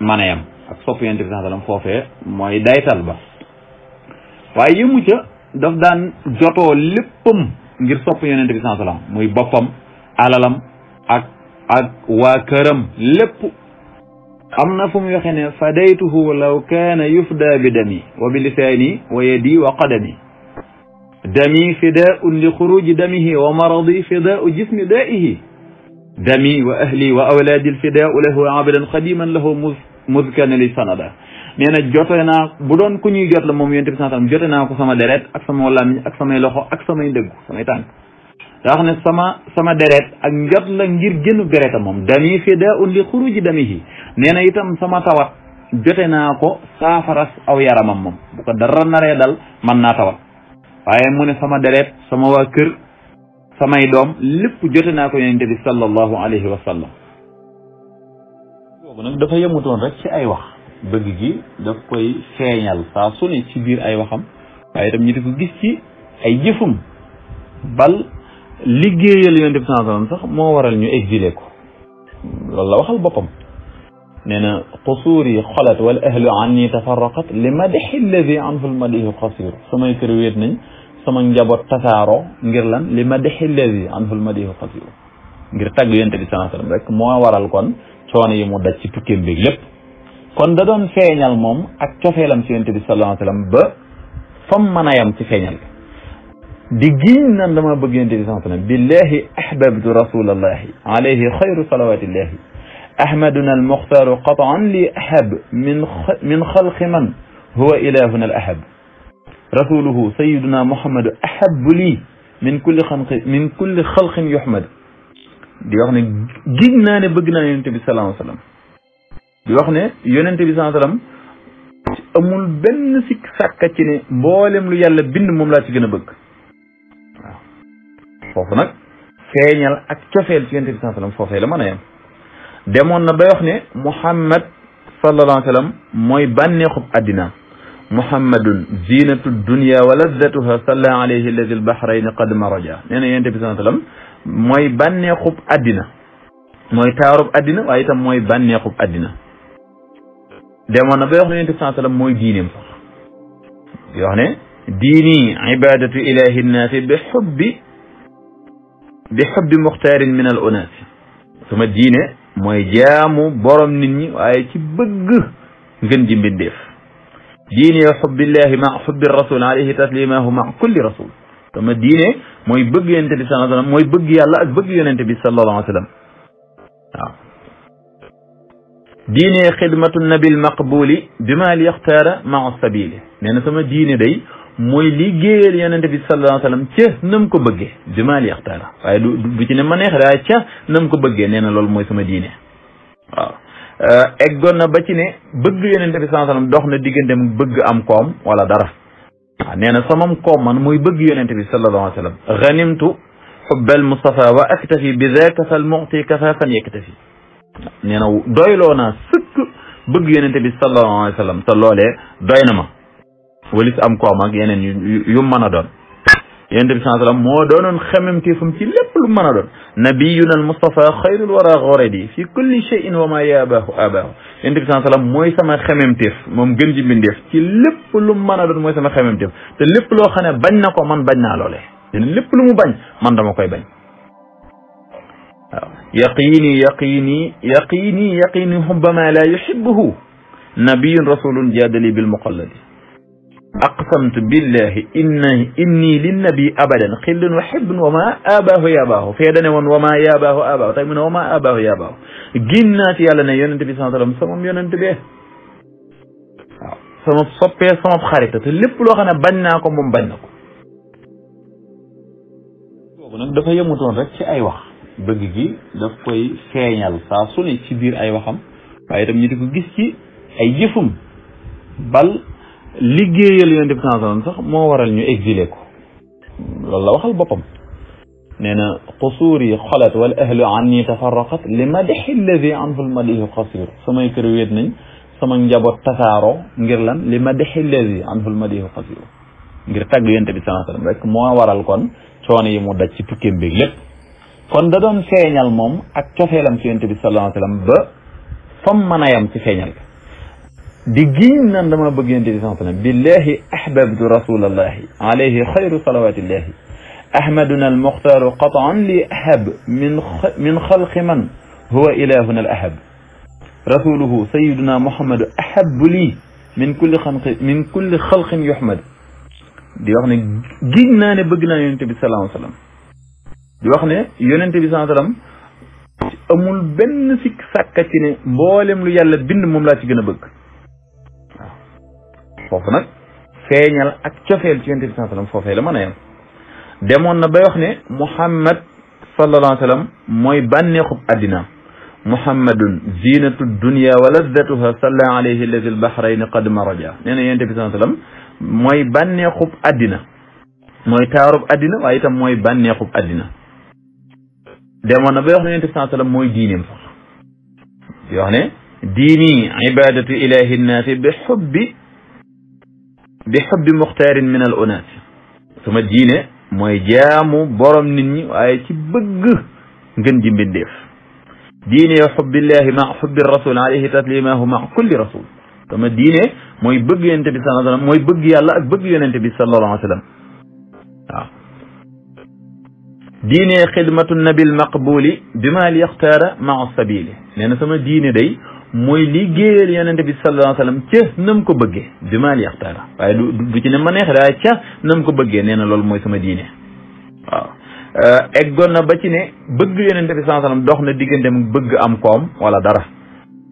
mën a yam ak sopp yonent bi sallallahu alayhi wasallam mooy daytal ba waaye yëmu ca daf daan jotoo léppam ngir sopp yonent bi sallallahu alayhi muy boppam alalam ak ak waa këram lépp امنا فم يخني فديته لو كان يفدى بدمي وبلساني ويدي وقدمي دمي فداء لخروج دمه ومرضي فداء جسم دائه دمي واهلي واولادي الفداء له عابدا قديما له مذكا لسندا نينا جوتنا بودون كوني جوت لموم يونتي سانتام جوتنا كو سما دريت اك سما لامي اك سما لوخو اك سما ندغ سما تانك daa xam ne sama sama deret ak njot la ngir génnu dereta moom dami fidaa un li xuruji damihi nee na itam sama tawat jote naa ko saafara aw yaramam moom bu ko dara naree dal mën naa tawat waaye mu ne sama deret sama waa kër samay doom lépp jote naa ko yonente bi sallallahu alayhi wa sallam boobu nag dafa yemutoon rek ci ay wax bëgg gi daf koy feeñal saa su ci biir ay waxam waaye itam ñu di ko gis ci ay jëfum bal liggéeyal yonent bi saa salam sax moo waral ñu exilé ko loolu la waxal boppam nee na qusuuri xolat wal ahlu anni tafarraqat li madixi alladi anhu lmadixu qasir samay kër wéet nañ sama njaboot tasaaro ngir lan li madixi alladi anhu lmadixu qasir ngir tàgg yonent bi saa salam rek moo waral kon coono yi mu daj ci tukkeem beeg lépp kon da doon feeñal moom ak cofeelam si yonent bi sallallahu alayhi sallam ba fam mën a yam ci feeñal bi دجين لما بجين دي سانتنا بالله أحببت رسول الله عليه خير صلوات الله أحمدنا المختار قطعا لأحب من من خلق من هو إلهنا الأحب رسوله سيدنا محمد أحب لي من كل خلق من كل خلق يحمد دي وخني جينا نبغنا ينتبي صلى الله عليه وسلم دي وخني ينتبي صلى الله عليه وسلم amul benn sik sàkka ci ne mboolem lu yàlla bind moom laa ci gën a bëgg foofu nag feeñal ak cofeel ci yonent bi saa sallam foofee la mën a yem demoon na ba wax ne muhammad sallallahu alayhi wa sallam mooy bànneexub addinaam muhammadun zinatu dunia wa lazzatuha salla alayhi alladi albahrayni qad maraja nee na yonent bi saa sallam mooy bànneexub addina mooy taarub addina waaye itam mooy bànneexub addina demoon na ba wax ne yonent bi saa sallam mooy diineem sax yoo xam ne diini ibadatu ilahi nnaasi bi xubbi بحب مختار من الأناس ثم الدين ما يجام برم نني وآية بق غند بالدف دين يحب الله مع حب الرسول عليه تسليمه مع كل رسول ثم الدين ما يبق أنت بي صلى الله عليه وسلم ما يبق يا الله أكبق بي صلى الله عليه وسلم دين خدمة النبي المقبول بما ليختار مع السبيل لأن ثم الدين دي mooy liggéeyal yonente bi sallallahu alayhi wasallam ca nam ko bëggee bi maa yaxtaara waaye du du ci ne ma neex daa ca nam ko bëgge nee na loolu mooy sama diine waaw euh, eggoon na ba ci ne bëgg yonente bi sallallahu alayhi dox na diggante mu bëgg am kom wala dara waaw nee na samam koom man muy bëgg yonente bi sallallahu alayhi wasallam ghanimtu xubbal Mustafa wa aktafi bi zaaka fal mu'ti kafaafan yaktafi nee doyloo naa sëkk bëgg yonente bi sallallahu alayhi wasallam doy na ma walis am koom ak yeneen yu yu mën a doon yonent bi sallallahu alayhi wasallam moo doonoon xememteefam ci lépp lu mën a doon nabiyuna al mustafa xayrul wara xoredi fi kulli shay'in wa ma yabaahu abaahu yonent bi sallallahu alayhi wasallam mooy sama xememteef moom gën ji mbindeef ci lépp lu mën a doon mooy sama xememteef te lépp loo xam ne bañ na ko man bañ naa loolee lépp lu mu bañ man dama koy bañ waaw yaqini yaqini yaqini yaqini hubba ma la yuhibbuhu nabiyun rasulun jaadali bil muqalladi أقسمت بالله إني إني للنبي أبدا خل وحب وما أباه يباه في هذا وما يباه أباه طيب من وما أباه يباه جنة في على نيون أنت بسم الله سما ميون أنت به سما صبي سما بخارطة تلف لو خنا بناكم من بناكم ونك دفع يموتون رك شيء أيوة بجيجي دفع كوي سينال ساسوني كبير أيوة هم أيام يدك جيسي أيفهم بل liggéeyal yonent bi sallallahu alayhi wa sallam sax moo waral ñu exilé ko loolu la waxal boppam nee na qusuuri xolat wal ahlu anni tafarraqat li madixi alladi anhu lmadixu qasir samay kër wéet nañ sama njaboot tasaaroo ngir lan li madixi alladi anhu lmadixu qasir ngir tàgg yonent bi sallallahu alayhi wa sallam rek moo waral kon coono yi mu daj ci tukkeem beeg lépp kon da doon feeñal moom ak cofeelam ci yonent bi sallallahu alayhi wa sallam ba fam mën a yam ci feeñal ديجين عندما بغين دي صلى بالله احببت رسول الله عليه خير صلوات الله احمدنا المختار قطعا لاحب من خ... من خلق من هو الهنا الاحب رسوله سيدنا محمد احب لي من كل خلق من كل خلق يحمد دي واخني جينا ني بغنا يونتي بي صلى الله عليه وسلم دي واخني يونتي بي امول بن سيك ساكاتي ني مبولم لو يالا foofu nag feeñal ak cofeel ci yonent bi sallam foofee la mën a yem demoon na bay wax ne muhammad sallallahu alayhi wa sallam mooy bànneexub adina muhammadun zinatu dunia wa lazatuha salla alayhi alladi albahrayni qad maraja nee na yonent sallallahu alayhi wa sallam mooy bànneexub addina mooy taarub addina waaye itam mooy bànneexub addina demoon na bay wax ne yonent sallallahu alayhi wa sallam mooy sax di wax ne diini ibadatu ilahi nnaasi bi بحب مختار من الأناس ثم الدين ما يجامو برم نني وآية بق جندي من ديف دين يحب الله مع حب الرسول عليه تسليمه مع كل رسول ثم الدين ما يبق ينتبه صلى الله عليه وسلم ما يبق الله بق ينتبه صلى الله عليه وسلم آه. دين خدمة النبي المقبول بما ليختار مع السبيل لأن ثم الدين دي mooy liggéeyal yonent bi sallallahu alayhi wa sallam ca nam ko bëggee bi maa li yaxtaara waaye du du ci ne ma neexee waaye ca nam ko bëggee nee na loolu mooy sama diine waaw euh, eggoon na ba ci ne bëgg yonent bi sallallahu wa sallam dox na digganteem bëgg am koom wala dara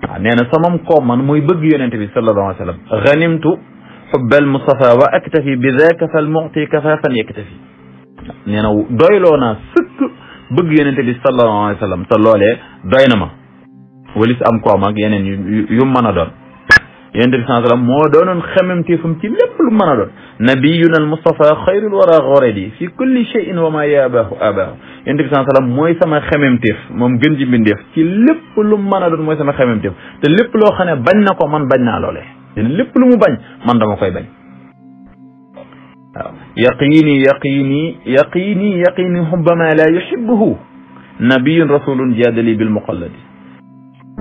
waaw nee na samam koom man mooy bëgg yonent bi sallallahu alayhi wa sallam ganimtu xubbal Mustafa wa aktafi bi daaka fal muxti kafaafan yaktafi nee na doyloo naa sëkk bëgg yonent bi sallallahu alayhi wa sallam doy na ma walis am koom ak yeneen yu yu mën a doon yonent bi saa sallam moo doonoon xememteefam ci lépp lu mën a doon nabiyuna al mustafa xayrul wara xoredi fi kulli cheyin wa ma yabahu abahu yonent bi saa sallam mooy sama xememteef moom gën ji mbindeef ci lépp lu mën a doon mooy sama xememteef te lépp loo xam ne bañ na ko man bañ naa loole te lépp lu mu bañ man dama koy bañ waaw yaqini yaqini yaqini yaqini hubba ma la yuhibbuhu nabiyun rasulun jaadali bil muqalladi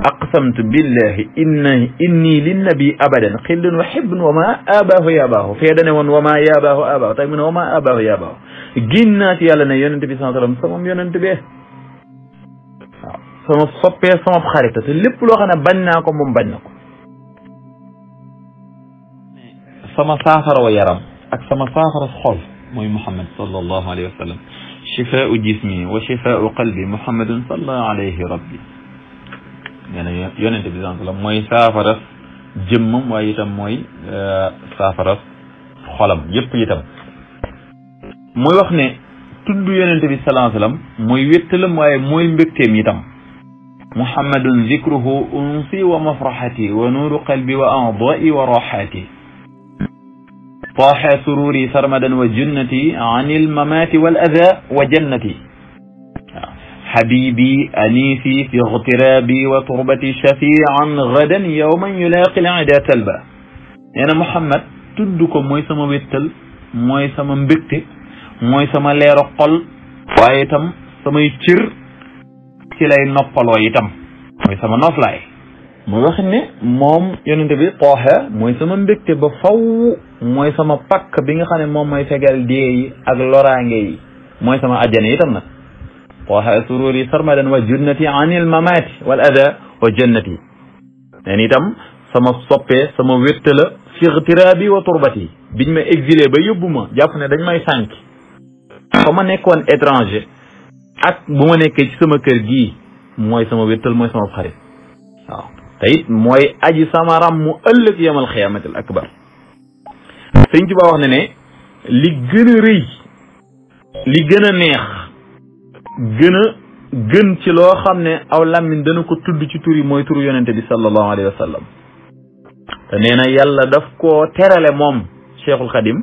أقسمت بالله إني إني للنبي أبدا قل وحب وما أباه يباه في هذا أدنى وما يباه أباه طيب من وما أباه يباه جنات يالنا ينتبه صلى الله عليه وسلم سمم ينتبه سمم صبي سمم خارطة اللب لو أنا بناكم من بناكم سمم سافر ويرم أكسم سافر الخل مي محمد صلى الله عليه وسلم شفاء جسمي وشفاء قلبي محمد صلى الله عليه ربي nee na yonent bi sant la mooy saafara jëmmam waaye itam mooy saafara xolam yépp itam mooy wax ne tudd yonent bi salaa salaam mooy wéttalam waaye mooy mbégteem itam muhammadun zikruhu unsi wa mafraxati wa nuuru qalbi wa adai wa raxati taaxa sururi sarmadan wa junnati an ilmamaati wal ada wa jannati حبيبي أنيسي في اغترابي وتربتي شفيعا غدا يوما يلاقي العدا تلبا nee na Muhammad tudd ko mooy sama wéttal mooy sama mbégte mooy sama leeru xol waaye itam samay cër ci lay noppaloo itam mooy sama noflaay mu wax ne moom yonente bi tooxe mooy sama mbégte ba faw mooy sama pakk bi nga xam ne moom mooy fegal dee yi ak loraange yi mooy sama ajjane itam nag طه سروري سرمدا وجنتي عن الممات والأذى وجنتي يعني دم sama soppe sama wette la fi xtiraabi wa turbati biñ ma exilé ba yóbbu ma jàpp ne dañ may sànk fa ma nekkoon étranger ak bu ma nekkee ci sama kër gii mooy sama wéttal mooy sama xarit waaw te it mooy aji sama ram mu ëllëg yemal xiyaamatil akbar sëñ Tuubaa wax ne ne li gën a rëy li gën a neex gën a gën ci loo xam ne aw làmmiñ dana ko tudd ci tur yi mooy turu yonente bi sallallahu alayhi wa sallam te nee na yàlla daf koo terale moom cheikhul xadim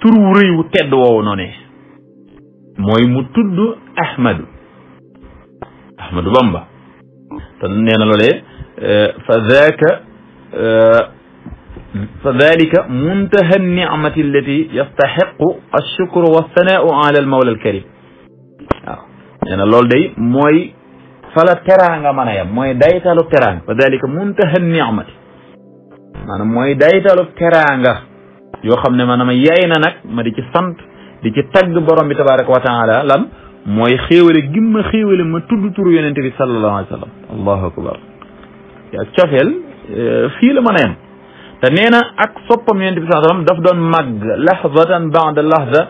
turu wu rëy wu tedd woowu noonee mooy mu tudd ahmadu ahmadu bamba te nee na loolee fa daaka فذلك منتهى النعمة التي يستحق الشكر والثناء على المولى الكريم nee na loolu day mooy fala teraanga mën a yem mooy daytalu teraanga fa dalika muntaha ni'mati maanaam mooy daytalu teraanga yoo xam ne maanaam yaay na nag ma di ci sant di ci tagg borom bi tabaraka wa lan mooy xéewale gim ma xéewale ma tudd turu yonente bi sallallahu alayhi wa akbar yaa cofeel euh, fii la mën a yem te na ak soppam yonente bi sallallahu alayhi wa sallam daf doon màgg lahzatan ba'da lahza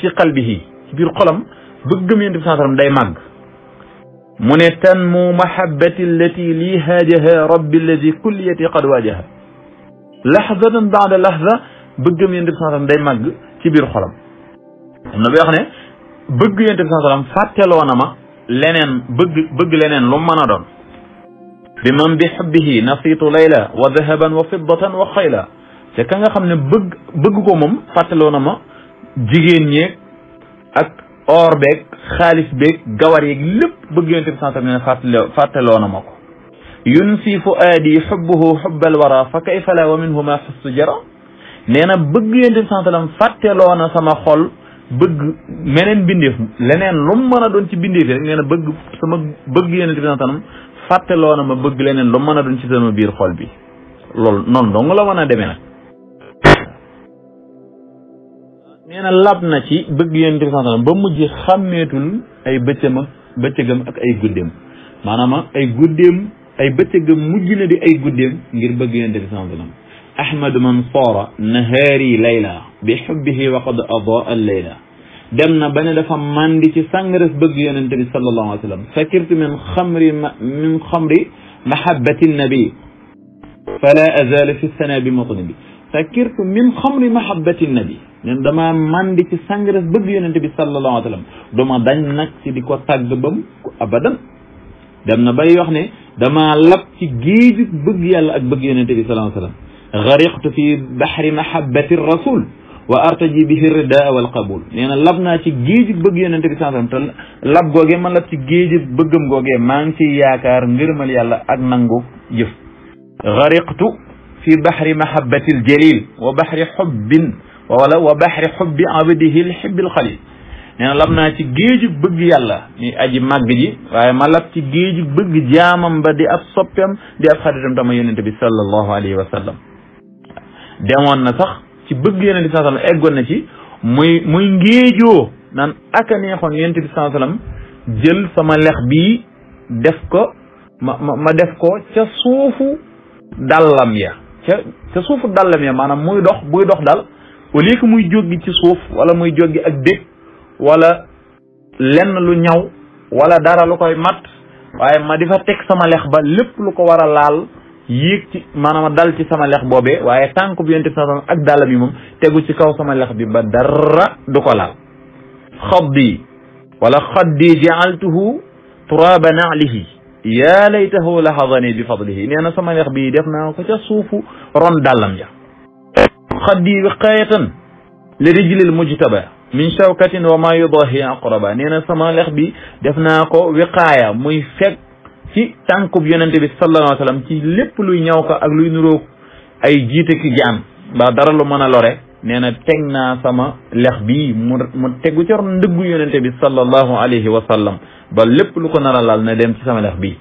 fi qalbihi biir xolam bëggam yonent bi saa sallam day màgg mu ne tanmu mahabbati allati lii haajaha li alladi kulliyati qad waajaha lahzatan baada lahza bëggam yonent bi saa sallam day màgg ci biir xolam am na bi wax ne bëgg yonent bi saa sallam fàtteloo na ma leneen bëgg bëgg leneen lu mën a doon bi man bi xubbihi nasiitu layla wa dahaban wa fiddatan wa xayla te ka nga xam ne bëgg bëgg ko moom fàtteloo na ma jigéen ñeeg or bek khalis bek gawar yek lépp bëgg yonent bi santam ne fàttale fàttaloo na ma ko yun fi fuaadi xubbuhu xubbal wara fa kayfa la wa minhu ma xussu jara nee na bëgg yonent bi santalam fàtteloo na sama xol bëgg menen bindeef lenen lu mën a doon ci bindeef yi rek nee na bëgg sama bëgg yonent bi santalam na ma bëgg lenen lu mën a ci sama bir xol bi loolu noonu dong la wana a demee نينا لاب ناتي بغ يونس صلى الله عليه وسلم با مجي خاميتول اي بيتيما بيتيغم اك اي غوديم مانام اي غوديم اي بيتيغم مجي ندي اي غوديم غير بغ يونس صلى الله عليه وسلم احمد من صار نهاري ليلى بحبه وقد اضاء الليلة demna bané dafa mandi ci sangres bëgg yonent bi sallallahu alayhi wasallam fakirtu min khamri min khamri mahabbati an-nabi fala في fi as-sana bi mutnibi فكرت من خمر محبة النبي من دما من دي سانغرس بدي النبي صلى الله عليه وسلم دما دان نك سي ديكو تاغ بام ابدا دم نباي وخني دما لب سي جيج بغ يالا اك بغ النبي صلى الله عليه وسلم غرقت في بحر محبة الرسول وارتجي به الرداء والقبول لان لبنا سي جيج بغ النبي صلى الله عليه وسلم لب غوغي ما لب سي جيج بغم غوغي مان سي ياكار نغرمال يالا اك نانغو يف غرقت fi baxri mahabati aljalil wa baxri xubbin wala wa baxri xubbi abdihi lxibbi alxalil nee na lab naa ci géeju bëgg yàlla ni aji màgg ji waaye ma lab ci géeju bëgg jaamam ba di ab soppeem di ab xaritam tama yonente bi sallallahu alayhi wa sallam demoon na sax ci bëgg yonente bi saa sallam eggoon na ci muy muy ngéejoo naan ak a neexoon yonente bi saa sallam jël sama lex bii def ko ma ma ma def ko ca suufu dàllam ya ca ca suufu dallam ya maanaam muy dox buy dox dal au lieu que muy jóggi ci suuf wala muy jóggi ak dég walla lenn lu ñaw wala dara lu koy mat waaye ma di fa teg sama lex ba lépp lu ko war a laal yéeg ci maanaam dal ci sama lex boobee waaye tànk bi yonte sa ak dàllam yi moom tegu ci kaw sama lex bi ba dara du ko laal xaddi wala xaddi jaaltuhu turaba naalihi yaa laytahu lahadani bi fadlihi nee na sama lex bii def naa ko ca suufu ron dàllam ja xaddi wiqayatan li rijlil mujtaba min shawkatin wa ma yudahi aqraba nee na sama lex bi def naa ko wiqaaya muy fekk ci tànkub yonente bi sallallahu alayhi wa sallam ci lépp luy ñaw ko ak luy nuróog ay jiite ki jaan mbaa dara lu mën a lore nee na teg naa sama lex bii mu mu tegu ca ron ndëggu yonente bi sallallahu alayhi wa sallam ba lépp lu ko nar a laal na dem ci sama lex bii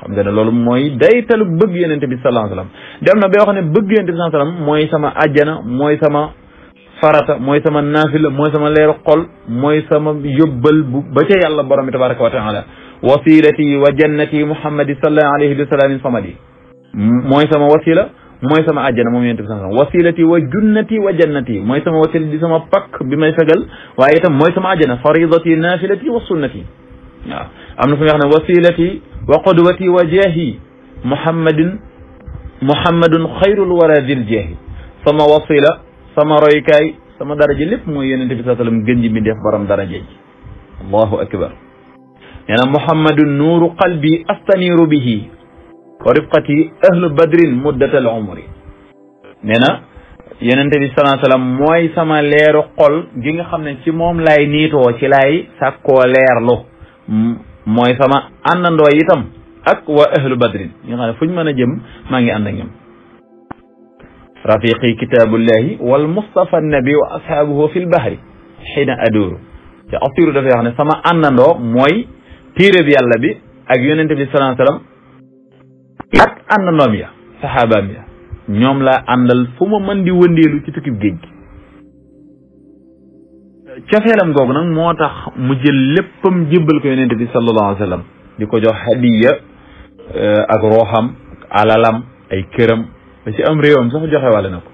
xam nga ne loolu mooy daytalu bëgg yenente bi sallallahu alayhi wasallam dem na ba wax ne bëgg yenente bi sallallahu alayhi wasallam mooy sama ajjana mooy sama farata mooy sama naafila mooy sama leeru xol mooy sama yóbbal bu ba ca yàlla borom bi tabaraka wa taala wasilati wa jannati muhammadi sallallahu alayhi wa sallam samadi mooy sama wasila mooy sama àjjana moom yonent bi sallallahu alayhi wa sallam wasilati wa junnati wa jannati mooy sama wasila di sama pakk bi may fegal waaye itam mooy sama àjjana faridati naafilati wa sunnati waaw am na fu muy wax ne wasilati wa qudwati wa jeexi muhammadin muhammadun xayrul wara dil jeexi sama wasila sama roykaay sama daraja lépp mooy yonente bi saa mi def borom daraja ji allahu akbar nee na muhammadun nuuru qalbi astaniiru bihi wa rifqati ahlu badrin muddatal umri nee na yonente bi saa mooy sama leeru xol gi nga xam ne ci moom lay niitoo ci lay laay sàkkoo leerlu mooy sama àndandoo itam ak waa ahlu badrin fuñ nga mën a jëm maa ngi ànd ak ñoom rafiqi kitaabullahi wal mustafa nabi wa ashaabuhu fi lbahri xiina aduuru te asiru dafay ne sama àndandoo mooy téeréb yàlla bi ak yonente bi salaa sallam ak àndandoom ya saxaabaam ya ñoom laa àndal fu ma mën di wëndeelu ci tukkib géej cofeelam googu nag moo tax mu jël léppam jébbal ko yonent bi sallallahu alayhi wa sallam di ko jox hadiya ak rooxam alalam ay këram ba ci am réewam sax joxe wàlle na ko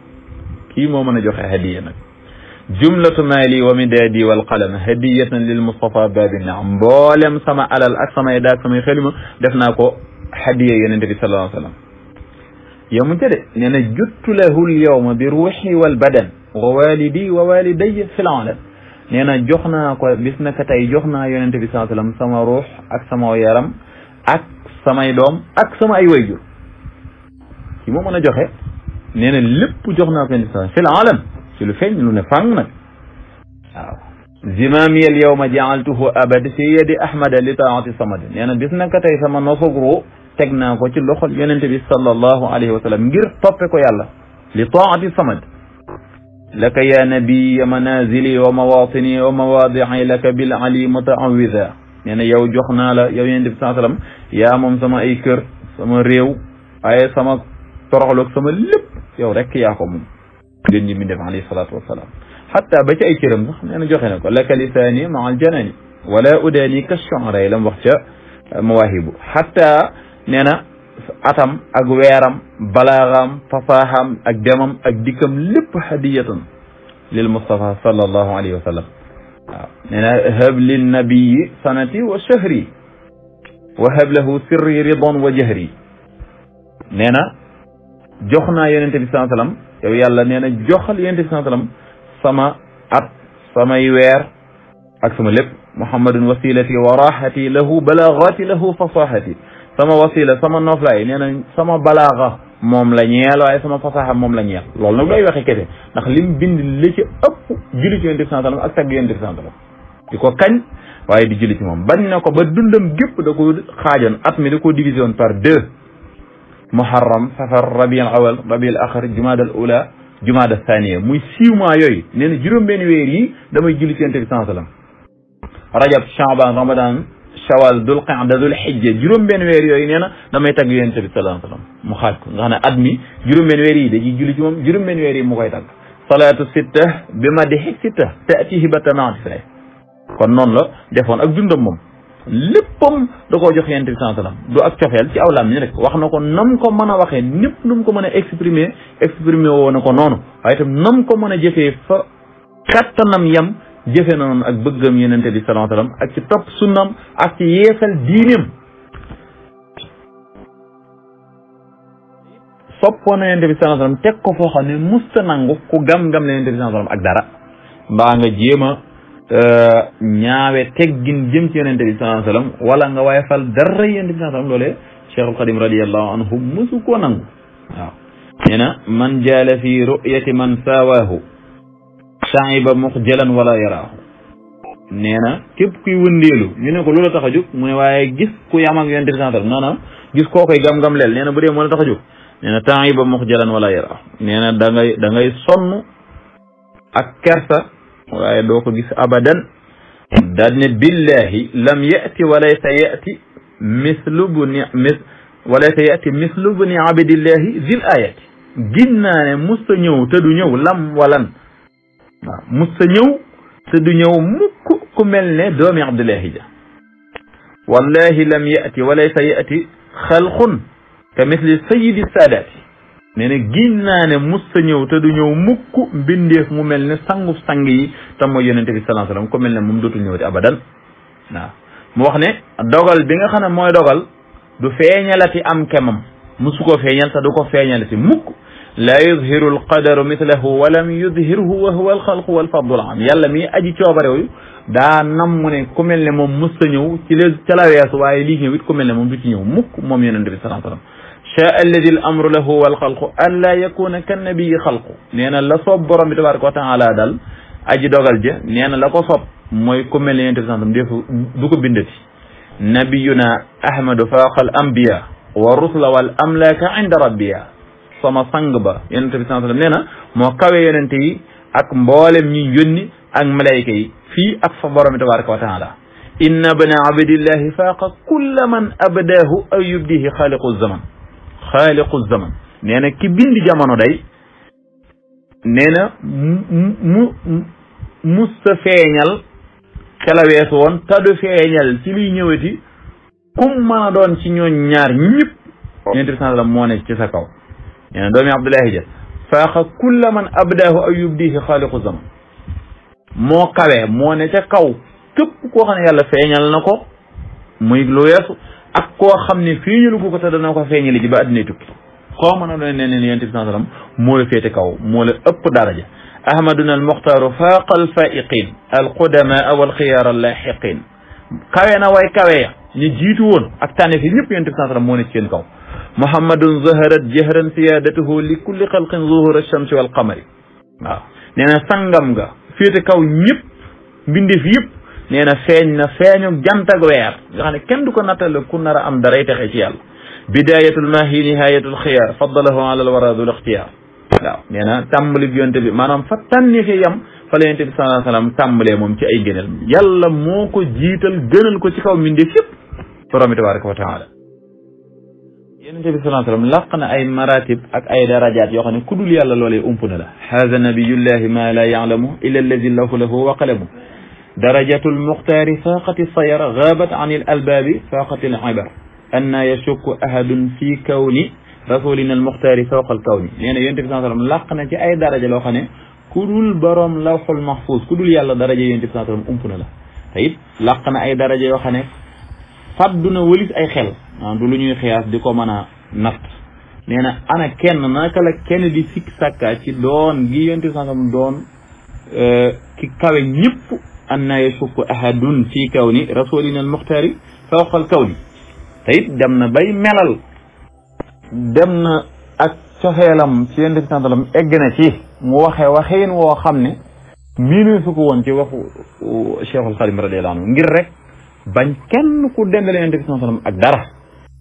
kii moo mën a joxe hadiya nag jumlatu maali wa midaadi wal qalam hadiyatan lil mustafa baabi naam mboolem sama alal ak samay daag samay xelima def naa ko hadiya yonent bi sallallahu alayhi wa sallam yamu ca de nee na juttu lahu l yawma bi ruuxi wal badan wa walidi wa walidaya fi l alam نينا جوخنا كو بيسنا كتاي جوخنا يونت بي صلى الله سما روح اك سما يارم اك سما دوم اك سما اي ويجو كي مو مانا جوخه نينا ليپ جوخنا كو يونت في العالم في الفين لو نفان نا زمامي اليوم جعلته ابد سيد احمد لطاعه صمد نينا بيسنا كتاي سما نوفو تكنا كو تي لوخول يونت بي صلى الله عليه وسلم غير توبي كو يالا لطاعه صمد لك يا نبي منازلي ومواطني ومواضعي لك بالعلي متعوذا يعني يو جوخنا لا يو يندي صلى الله عليه وسلم يا موم سما اي كير سما ريو اي سما تورخلوك سما لب يو رك يا خوم دين مين ديف عليه الصلاه والسلام حتى با تي اي كيرم صح يعني جوخي نكو لك لساني مع الجناني ولا اداني كالشعر لم وقت مواهب حتى نينا atam ak wéram balaaxam fafaham ak demam ak dikam lépp hadiyatan lil Mustafa sallallahu alayhi wa sallam waaw hab lin nabiy sanati wa shahri wa hab lahu sirri ridan wa jahri nena joxna jox naa bi sallam yow yàlla nena joxal yonente bi sallam sama at sama weer ak sama lépp محمد وسيلتي وراحتي له بلاغاتي له فصاحتي sama wasila sama noflay nee sama balaaxa mom la ñeel way sama fasaha mom la ñeel lool nak lay waxe kete ndax lim bind li ci ëpp julli ci yonent santalam ak tag yonent santalam diko di ko kañ waaye di julli ci mom bañ nako ba dundam gep da ko xaajoon at mi da ko division par 2 محرم سفر ربيع الاول ربيع الاخر jumaada الاولى ula الثانيه موي muy six mois yooyu nee na juróom داماي weer yi damay julli ci yonent bi sallam شوال دول قعد دول الحجة جروم بين ويريو ينينا لما يتاق يونس بي صلى الله عليه وسلم مخالك غانا أدمي جروم بين ويري دي جولي جموم جروم بين ويري مغاي تاق صلاة الستة بما دي ستة تأتي هبة نعن فلاي كون نون لو دفون أك جندم مم لبم دوكو جوخ يونس بي صلى الله عليه وسلم دو أك شفيل تي أولا من يرك وخنا كون نم كون منا وخي نب نم كون منا اكسبرمي اكسبرمي وو نكون نونو نم كون منا جفي ف كتنم يم jëfe noon ak bëggam yenente bi sallallahu alayhi ak ci topp sunnam ak ci yeesal diineem soppoon na yenente bi sallallahu teg ko foo xam ne musta nangu ku gam-gam la yenente bi sallallahu ak dara mbaa nga jéem a euh, ñaawe teggin jëm ci yenente bi sallallahu alayhi wala nga waaye fal dara yenente bi sallallahu alayhi wasallam loolee cheikhul xadim radiallahu musu koo nangu waaw nee man jaala fi ru'yati man saawaahu shaiba muxjalan wala yaraahu nee na képp kuy wëndeelu ñu ne ko loola tax a jóg mu ne waaye gis ku yam ak yonent bi sallallahu alayhi wasallam maanaam gis koo koy gam-gam leel nee na bu dee moo la tax a jóg nee na shaiba muxjalan wala yaraahu nee na da ngay da ngay sonn ak kersa waaye doo ko gis abadan daal ne billahi lam yati walaysa yati mislu bu ni mis walaysa yati mislu abidillahi zil ayati gis naa ne musta ñëw te du ñëw lam walan waaw mus sa ñëw te du ñëw mukk ku mel ne doomi abdullahi ja wallahi lam yati walaysa yati xalqun ka misli sayidi saadaati nee na naa ne mu sa ñëw te du ñëw mukk mbindeef mu mel ne sanguf sang yi te mooy yonente bi salaa sallam ku mel ne moom dootul ñëw di abadan waa mu wax ne dogal bi nga xam ne mooy dogal du feeñalati am kemam musu ko feeñal te du ko feeñalati mukk laa yudhiru alqadaru mithlahu wa lam yudhirhu wa huwa alxalqu walfadlu alam yàlla mi aji coobarewu daa nam mu ne ku mel ne moom mës ta ñëw ci les ca la weesu waaye lii ñëw it ku mel ne moom du ci ñëw mukk moom yonente bi sallallahu alayhi wa sallam shaa alladi al amru lahu wal xalqu an laa yakuna kan nabii xalqu nee na la soob borom bi tabaraka wa taala daal aji dogal ja nee na la ko soob mooy ku mel ne yonente bi sallallahu alayhi wa sallam du ko bindati nabiyuna ahmadu faaqa al ambiya wa rusula wal amlaaka inda rabbiya sama sang ba yonente bi sallallahu nee na moo kawe yonente yi ak mboolem ñi yónni ak malayka yi fii ak fa borom bi tabaraka wa taala inna bana abdillahi faaqa kulla man abdaahu aw yubdihi xaaliqu zaman xaaliqu zaman nee na ki bind jamono day nee na mu musta feeñal kelaweesu woon tadu feeñal ci liy ñëwati kum mën doon ci ñooñ ñaar ñëpp moo ne ci sa kaw nee na doomi abdullahi ja faaxa kulla man abdaahu aw yubdihi xaaliqu zaman moo kawee moo ne ca kaw képp koo xam ne yàlla feeñal na ko muy lu weesu ak koo xam ne feeñalu ko te dana ko feeñali ji ba addinay tukki xoo mën a doon ne neen yonent bi saa sallam moo la féete kaw moo la ëpp daraja ahmaduna almuxtaaru faaqa alfaiqin alqudamaa walxiyaar allaaxiqin kawe na way kawe ya ñu jiitu woon ak tànne fi ñëpp yonent bi moo ne ci kaw muhammadun zaharat jahran siyaadatuhu li kulli xalqin zuhura shamsi wal qamari waaw nee na sangam nga féete kaw ñëpp mbindeef yëpp nee na feeñ na feeñu jant ak weer nga xam ne kenn du ko nattale ku nar a am daray texe ci yàlla bidayatul maahi nihayatul xiyaar faddalahu ala alwaradul ixtiyaar waaw nee na tàmbali bi yonte bi maanaam fa tànni fi yam fa la tàmbalee moom ci ay gënal yàlla moo ko jiital gënal ko ci kaw mbindeef yëpp borom tabaraka wa النبي صلى الله عليه وسلم لقنا أي مراتب أك أي درجات yoo كل ne ku dul yàlla loolee ump na la haada nabiyullahi ma la yaalamu له alladi lahu درجة المختار فاقة الصير غابت عن الألباب فاقة العبر أن يشك أحد في كون رسولنا المختار فوق الكون لأن ينتبه صلى الله عليه وسلم لقنا أي درجة لو خنا كل برم لوح المحفوظ كل يلا درجة ينتبه صلى الله عليه وسلم أمبنا له طيب لقنا أي درجة لو fàddu na wëlis ay xel ah, du lu ñuy xiyaas di ko mën a natt nee na ana kenn naka la kenn di sikk sàkka ci doon gi yonte sansam doon eh, ki kawe ñëpp an na yashukku ahadun fii kaw ni rasulina al muxtaari fawqal kaw ni te dem na bay melal dem na ak coxeelam ci yonte sansam egg na ci mu waxe waxeen woo xam ne miinee su ko woon ci waxu uh, cheikhul xadim radiallahu anhu ngir rek bañ kenn ku dendale yonent bi sallallahu alayhi wasallam ak dara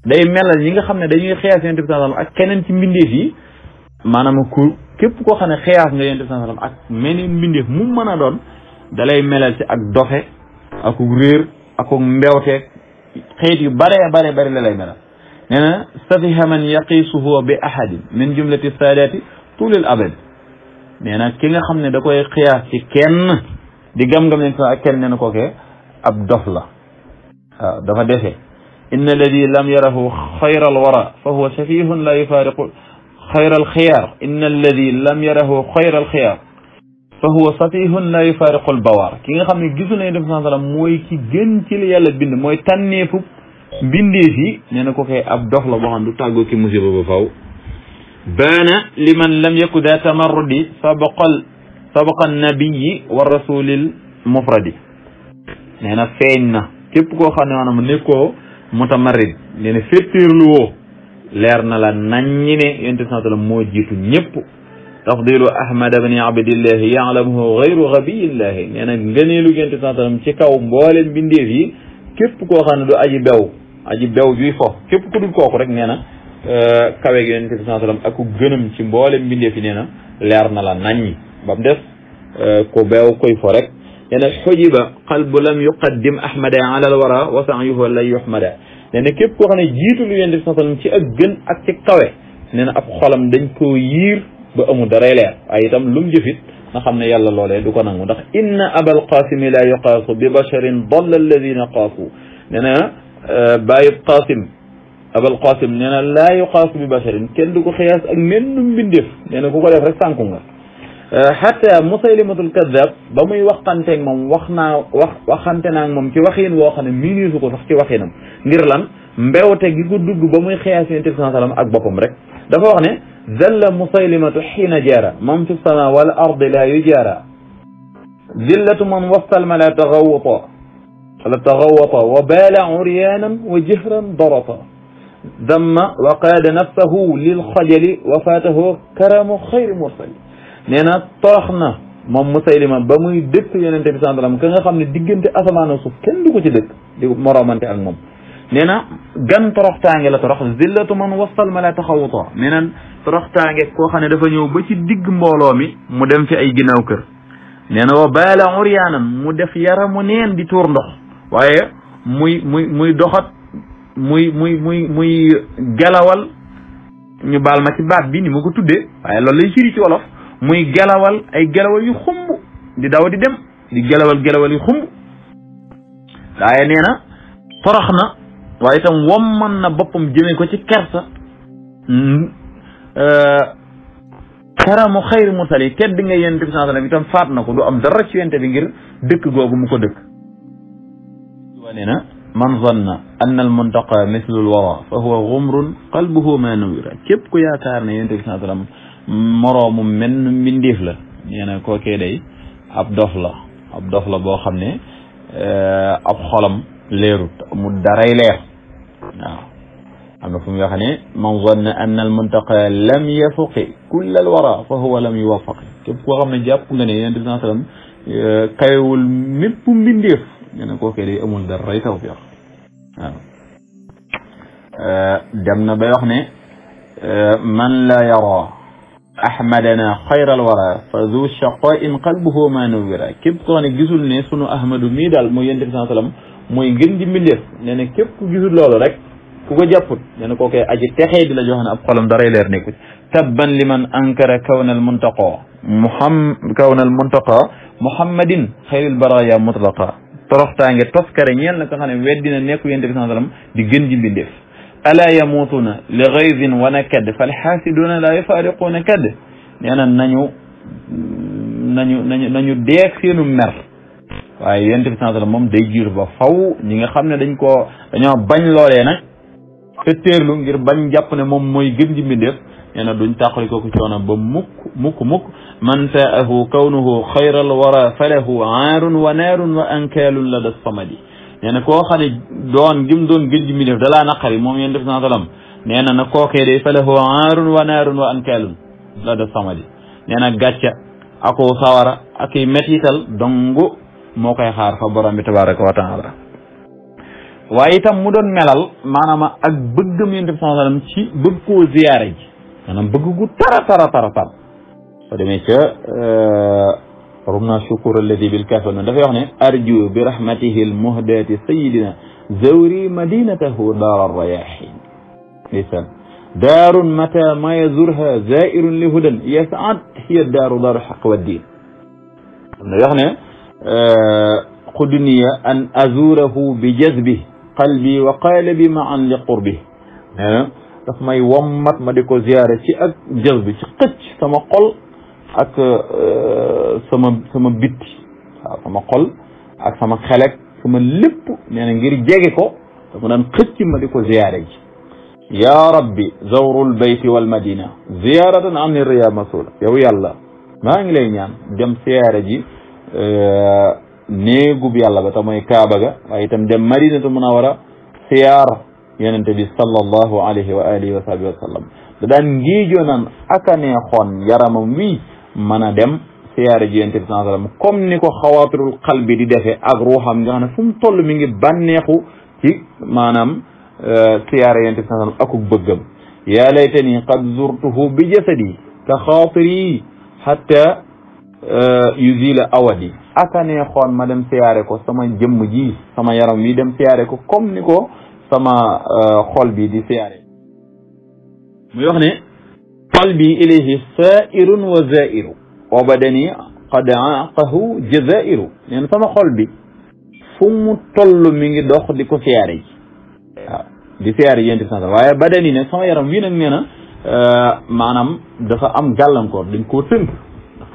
day melal ñi nga xam ne dañuy xiyaas yonent bi sallallahu alayhi ak keneen ci mbindeef yi maanaam ku képp koo xam ne xiyaas nga yonent bi sallallahu alayhi wasallam ak meneen mbindeef mu mën a doon dalay melal ci ak dofe ak réer ak mbewteeg xeet yu bare bare bare la lay melal nee na safiha man yaqisuhu bi ahadin min jumlati saadaati tulil abad nee na ki nga xam ne da koy xiyaas ci kenn di gam-gam leen ak kenn nee na ab dof la waaw dafa dese inna alladi lam yarahu xayra alwara fa huwa safihun la yufaariqu xayra alxiyaar inna alladi lam yarahu xayra alxiyaar fa huwa safihun la yufaariqu albawaar ki nga xam ne gisul nañu def saa sallam mooy ki gën ci li yàlla bind mooy tànneefu mbindeef yi nee na ko koy ab dox la boo xam du tàggoo ki musiba ba faw baana liman lam yaku daa tamarrudi sabaqal sabaqa nabiyi wa rasulil mufradi nee na feeñ na képp koo xam ne maanaam nekkoo mutamarrid nee na féttéerlu woo leer na la naññi ne yonent saa sallam moo jiitu ñëpp tafdilu ahmad bni abdillahi yaalamuhu gayru gabiyillahi nee na ngëneelu yonent saa sallam ci kaw mboolem mbindeef yi képp koo xam ne du aji bew aji bew juy fo képp ku dul kooku rek nee na euh, kawe gi yonent bi saa sallam ak ku gënam ci mboolem mbindeef yi nee na leer na la nañ ba mu des euh, ko beew koy fo rek nee na xujiba qalbu lam yuqaddim ahmada ala al wara wa sa'yuhu la yuhmada nee na képp koo xam ne jiitu lu yonent bi sallam ci ak gën ak ci kawe nee na ab xolam dañ koo yiir ba amul daray leer waaye itam lu mu jëfit na xam ne yàlla loolee du ko nangu ndax inna abal qasimi la yuqaasu bi basharin dalla alladina qaasu nee na bàyyib qasim abal qasim nee na laa yuqaasu bi basharin kenn du ko xiyaas ak menn mbindeef nee na ku ko def rek sànku nga حتى مسلمة الكذاب بمي وقتاً تنك مم وخنا وخن تنان مم كي وخين وخن ميني سوكو سخ كي وخينم نيرلان مبيو تيجي قد دوغ بمي خياس ينتف صلى الله عليه وسلم أكبا فمرك دفع وخنا ذل مسلمة حين جارة مم في السماء والأرض لا يجارة ذلة من وسط الملا تغوطا لا تغوطا وبال عريانا وجهرا ضرطا ذم وقاد نفسه للخجل وفاته كرم خير مرسل nee na torox na moom mu Musaylima ba muy dëkk yonent bi sallallahu alayhi wasallam ka nga xam ne diggante asamaan ak suuf kenn du ko ci dëkk di moroomante ak moom nee na gan toroxtaange la torox zillatu man wasal ma la taxawutoo nee na tànge koo xam ne dafa ñëw ba ci digg mbooloo mi mu dem fi ay ginnaaw kër nee na wa baala uryaanam mu def yaramu neen di tuur ndox waaye muy muy muy doxat muy muy muy muy galawal ñu baal ma ci baat bi ni mu ko tuddee waaye loolu lay firi ci wolof muy gelawal ay gelawal yu xumb di daw di dem di gelawal gelawal yu xumb daaye nee na torox na waaye itam womman na boppam jëmee ko ci kersa mm. euh, karamu xayri mursal yi tedd nga yonent bi sallam itam faat na ko du am dara ci yonent bi ngir dëkk googu mu ko dëkk nee na man zanna anna al muntaqa mithlu al wara fa huwa gumrun qalbuhu ma nuwira képp ku yaakaar ne yonent bi sallam moroomu menn mbindeef la nee na kookee day ab dof la ab dof la boo xam ne ab xolam leerut mu daray leer waaw am na fu mu wax ne man zanna an al muntaqa lam yafuqi kull al wara fa huwa lam yuwafaqi képp koo xam ne jàpp nga ne yonent bi saa sallam kayewul mépp mbindeef nee na kookee day amul daray tawfiq waaw dem na bay wax ne man la yara ahmadana xayral wara fa zu shaqain qalbuhu ma nuwira képp koo xam ne gisul ne sunu ahmadu mii daal mooy yonent bi sallam mooy ngën di mbindeef nee na képp ku gisul loolu rek ku ko jàpput nee na koo koy aji texee di la jox ne ab xolam daray leer nekku tabban liman ankara kawna al muntaqa muham kawna al muntaqa muhammadin xayril baraya mutlaqa toroxtaange toskare ñeel na ko xam ne weddina nekku yonent bi sallam di gën ji mbindeef alaa yamuutuuna li gaydin wa nakad fal xaasiduuna laa yufaariquuna kad nee na nañu nañu nañu nañu deeg seenu mer waaye yonent bi sallallahu alayhi wa sallam moom day jiitu ba faw ñi nga xam ne dañ koo dañoo bañ loolee nag te teerlu ngir bañ jàpp ne moom mooy gën ji mbindéef nee na duñ tàqali kooku coono ba mukk mukk mukk man saahu kawnuhu xayral wara falahu aarun wa naarun wa ankaalun la da samadi nee ko koo xam doon gim doon gëj mi def dalaa naqari moom yéen def naa salam nee na na kookee day falahu aarun wa naarun wa ankaalun la def samadi nee na gàcca ako sawara ak i metital dongu moo koy xaar fa borom bi tabaraka wa taala waaye itam mu doon melal maanaam ak bëggam yéen def saa salam ci bëgg koo ziyaare ji maanaam bëgg gu tara tara tara tar soo demee ca euh, ربنا شكر الذي بالكافر دا في ارجو برحمته المهدات سيدنا زوري مدينته دار الرياحين لسان دار متى ما يزورها زائر لهدى يسعد هي الدار دار الحق والدين يعني قدني ان ازوره بجذبه قلبي وقالبي معا لقربه نعم ماي ومات ما زياره سي اك جلبي قتش سما قل ak euh, sama sama bitti waaw sama xol ak sama xelek sama lépp nee na ngir jege ko dama daan xëcc ma di ko ziyaare ji ya rabbi zawru lbayti walmadina ziyaratan an ni riya masula yow yàlla maa ngi lay ñaan dem ziyaare ji euh, néegub yàlla ba te mooy kaaba ga waaye itam dem madinatu munawara siyaar yonente bi sallallahu alayhi wa alihi wa sahbihi wa sallam da daan ngiijoo aka neexoon yaramam wii mën a dem siyaare ji yonent bi comme ni ko xawaatirul xal bi di defee ak ruuxam nga xam ne fu toll mi ngi bànneexu ci maanaam euh, siyaare yonent bi sallallahu alayhi wa sallam akuk bëggam yaa laytani qad zurtuhu bi jasadi ka xaatiri hatta euh, yuzila awadi aka neexoon ma dem siyaare ko sama jëmm ji sama yaram wi dem siyaare ko comme ni ko sama euh, xol bi di siyaare muy wax ne qalbi bi saa'irun wa zaa'iru wa badani qad aaqahu jazaa'iru neen sama xol bi fu mu toll mi ngi dox di ko siyaare ji waaw di siyaare yéen di waaye badani ne sama yaram wii nag nee na euh, maanaam dafa am gàllankoor dañ koo tënk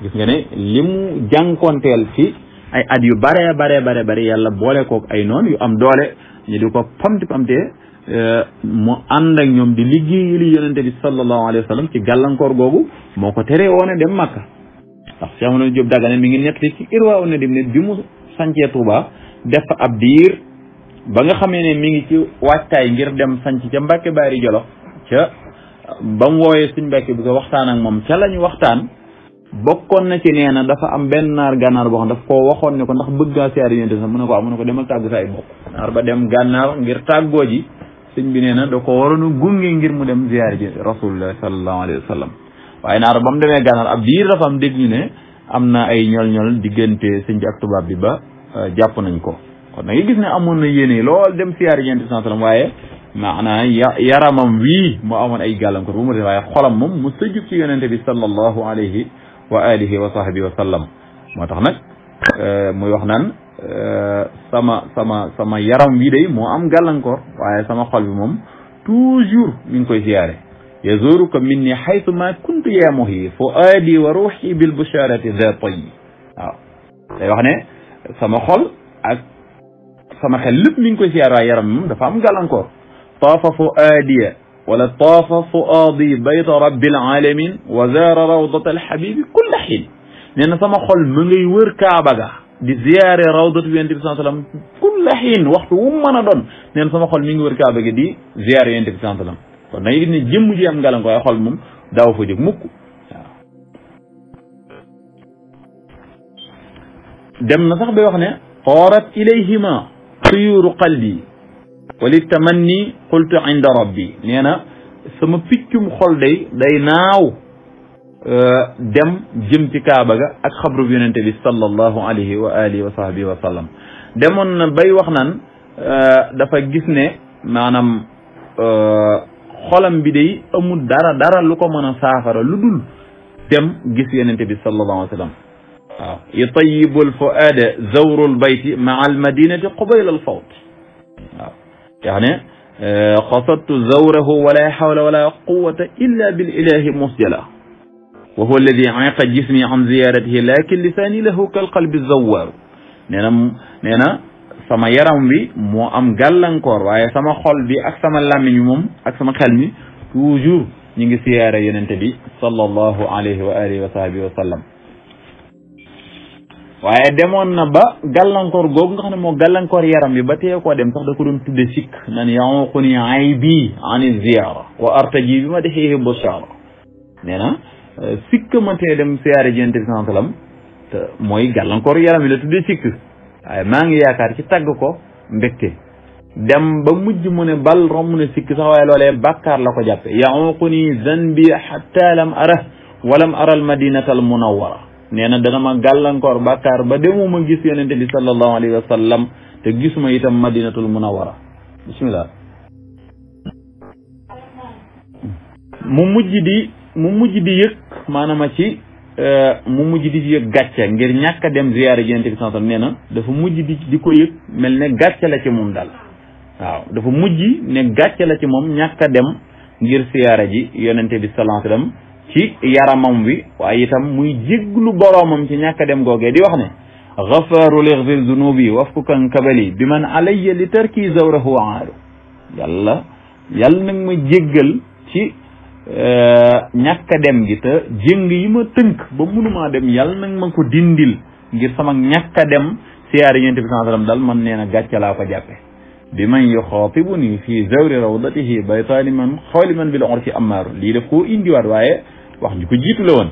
gis nga ne li mu jànkonteel fi ay at yu bare bare bare bare yàlla boole kook ay noon yu am doole ñu di ko pamti pamtee Eh, mu ànd ak ñoom di liggéey li yonente bi sallallahu alayhi wa sallam ci gàllankoor googu moo ko teree woon dem makka ndax Cheikh Mouhamed Diop Dagana mi ngi nettali ci irwaaw na dem ne bi mu sancee Touba def fa ab diir ba nga xamee ne mi ngi ci waajtaay ngir dem sanc ca Mbàkke Baari jolo ca ba mu wooyee suñ Mbàkke bi ko waxtaan ak moom ca lañu waxtaan bokkoon na ci nee na dafa am benn naar gànnaar boo xam daf koo waxoon ne ko ndax bëgg ngaa siyaar yonente sax mu ne ko am mu ne ko demal tàggu sa ay bokk naar ba dem gànnaar ngir tàggoo ji sëñ bi nee na da ko waroon a gunge ngir mu dem ziyaar ji rasulullah sallallahu alayhi waaye naar ba mu demee gànnaar ab diir dafa am dégg ñu ne am na ay ñol-ñol diggante sëñ bi ak tubaab bi ba euh, jàpp nañ ko kon da gis ne amoon na yéene lool dem siyaar yi Yonent bi sallam waaye maanaam yaramam wii mu amoon ay gàllankoor bu mu def waaye xolam moom mu sëjub ci Yonent bi sallallahu alayhi wa alihi wa sahbihi wa moo tax nag euh, muy wax naan sama sama sama yaram wi day mo am galankor waye sama xol bi mom toujours mi ngi koy ziaré yazuruka minni haythu ma kuntu ya muhi fuadi wa ruhi bil busharati dha tayyi waaw day wax ne sama xol ak sama xel lépp mi ngi koy ziaré yaram mom dafa am galankor tafa fuadiya wala taafa fuadi bayta rabbil alamin wa zaara rawdata alhabibi kulla hin nee na sama xol ma ngay wër kaaba di ziyaare rawdatu yonent bi sallallahu alayhi wa waxtu wu mu doon neen sama xol mi ngi wër kaaba gi di ziyaare yonent bi sallallahu alayhi wa sallam kon ji am ngalanko waaye xol moom daaw fa jóg dem na sax bay wax ne xoorat ilayhima suyuuru qalbi wali tamanni qultu inda rabbi nee na sama piccum xol day day naaw dem jëm ci kaaba ga ak xabru yonente bi sallallahu alayhi wa alihi wa sahbihi wa sallam demon na bay wax nan dafa gis ne manam xolam bi de amul dara dara lu ko meuna safara ludul dem gis yonente bi sallallahu alayhi wa sallam waaw yutayibu alfuada zawru albayti maa almadinati qubayla alfawt waaw yaani qasadtu zawrahu wala hawla wala quwata illa billahi musjala وهو الذي عاق جسمي عن زيارته لكن لساني له كالقلب الزوار نينا نينا سما يرام بي مو ام غالان كور واي سما خول بي اك سما لامي موم اك سما خالمي توجور نيغي سيارة يننتبي صلى الله عليه وآله وصحبه وسلم waye demon na ba galankor gog nga xamne mo galankor yaram bi batay ko dem sax da ko don tudde sik nan ya khuni aybi ani ziyara wa artaji bima dehe sikk mëntee dem siyaare ji bi sallallahu te mooy gàllankoor yaram yi la tuddee sikk waaye maa ngi yaakaar ci tagg ko mbégte dem ba mujj mu ne bal romb na sikk sax waaye loolee bàkkaar la ko jàppe ko nii zanbi hatta lam la walam ara al madinata al munawwara nee na dana ma gàllankoor bàkkaar ba demuma gis yonent bi sallallahu alayhi wasallam te gisuma itam madinatul munawwara bismillah mu mujj di mu mujj di yëg maanaam ci euh, mu mujj di yëg gàcce ngir ñàkk dem ziyaare ji yonent bi sallallahu nee na dafa mujj di di ko yëg mel ne gàcce la ci moom daal waaw dafa mujj ne gàcce la ci moom ñàkk dem ngir ziyaare ji yonent bi sallallahu alayhi wasallam ci yaramam wi waaye itam muy jéglu boroomam ci ñàkk dem googee di wax ne gafaru ligfir zunubi wafkukan kabali bi man alayya li tarki zawrahu aaru yàlla yàlla nag ma jéggal ci Euh, ñàkk a dem gi te jéng yi ma tënk ba mënumaa dem yàlla nag ma ko dindil ngir sama ñàkk a dem siyaari yonent bi sallallahu alayhi wasallam dal man nee na gàcce laa ko jàppe bi man yuxaatibuni fii zawri rawdatihi baytaani man xooli man bi la or ci amaaru lii daf koo indiwaat waaye wax ju ko jiitu la woon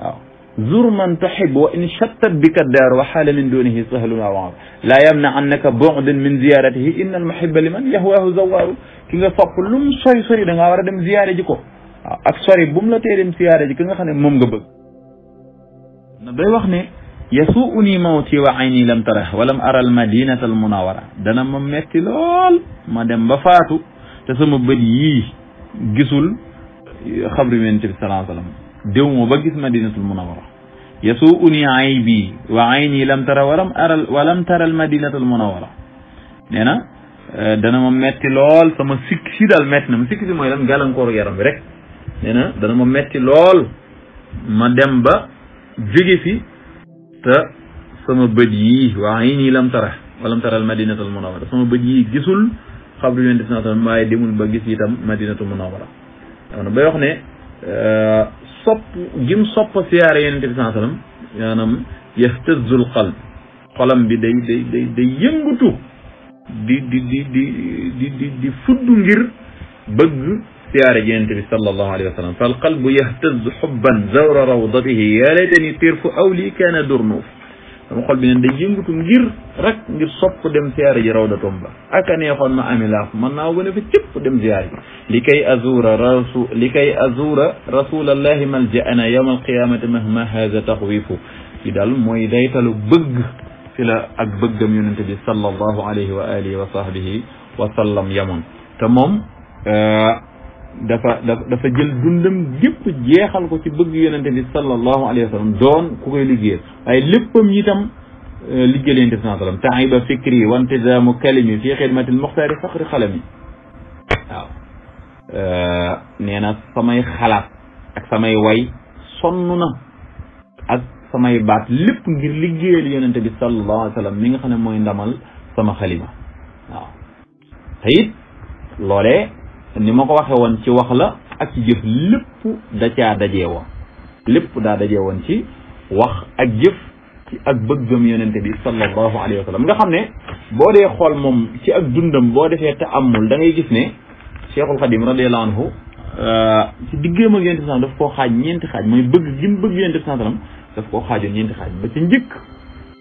waaw zur man tuhib wa in shattat bika daar wa xaala min dunihi sahlun awaar laa yamna annaka bu'dan min ziyaratihi inna al muhibba liman yahwaahu zawaaru ki nga sopp lu mu sori sori da ngaa war a dem ziyaare ji ko waaw ak sori bu mu la tee dem siyaare ji ki nga xam ne moom nga bëgg na day wax ne yasuu nii mawti wa ayni lam tara walam ara al madinata al munawara dana ma metti lool ma dem ba faatu te sama bët yii gisul xabru yonent bi salaa sallam déw ma ba gis madinatul munawara yasuu nii aybi wa ayni lam tara walam ara walam tara al madinata al munawara nee na eh, dana ma metti lool sama sikk si daal metti na ma sikk si mooy lan gàllankooru yaram bi rek nee na dana ma metti lool ma dem ba jóge fi te sama bët yii waa yi nii lam tara walam taral madinatul munawara sama bët yii gisul xabru yonent bi waaye demul ba gis itam madinatul munawara dama bay wax ne euh, sopp gim sopp siyaare yonent bi sallallahu alayhi wasallam maanaam yahtazul bi day day day yëngutu di di di di di fudd ngir bëgg اختيار جنته صلى الله عليه وسلم فالقلب يهتز حبا زور روضته يا ليتني تيرف لي كان درنوف وقال بين دي جيمتو غير رك غير صوب دم زيار جي رودا تومبا اكن يخون ما املا ما ناوغن في تيب دم زيار لكي ازور رسول لكي ازور رسول الله من جاءنا يوم القيامه مهما هذا تخويف في دال موي دايتالو بغ في لا اك بغم يونتبي صلى الله عليه واله وصحبه وسلم يمن تمام آه dafa dafa jël dundam gépp jeexal ko ci bëgg yonente bi sallallahu alayhi wa sallam doon ku koy liggéeyal waaye léppam itam liggéeyal yonente bi sallam taiba fikri wa intizaamu kalimi fi xidmati almuxtaari faxri xalami waaw nee na samay xalaat ak samay way sonn na ak samay baat lépp ngir liggéeyal yonente bi sallallahu alayhi wa sallam mi nga xam ne mooy ndamal sama xalima waaw te it loolee ni ma ko waxe woon ci wax la ak ci jëf lépp da caa dajee woon lépp daa dajee woon ci wax ak jëf ci ak bëggam yonente bi sallallahu alayhi wa sallam nga xamne bo boo xol mom ci ak dundam bo defé te amul da ngay gis ne cheikhul xadim radiallahu anhu ci diggeem ak yonente bi daf ko xaj ñent xaj moy bëgg gi mu bëgg yonente bi daf ko xaj ñent xaj ba ci njëkk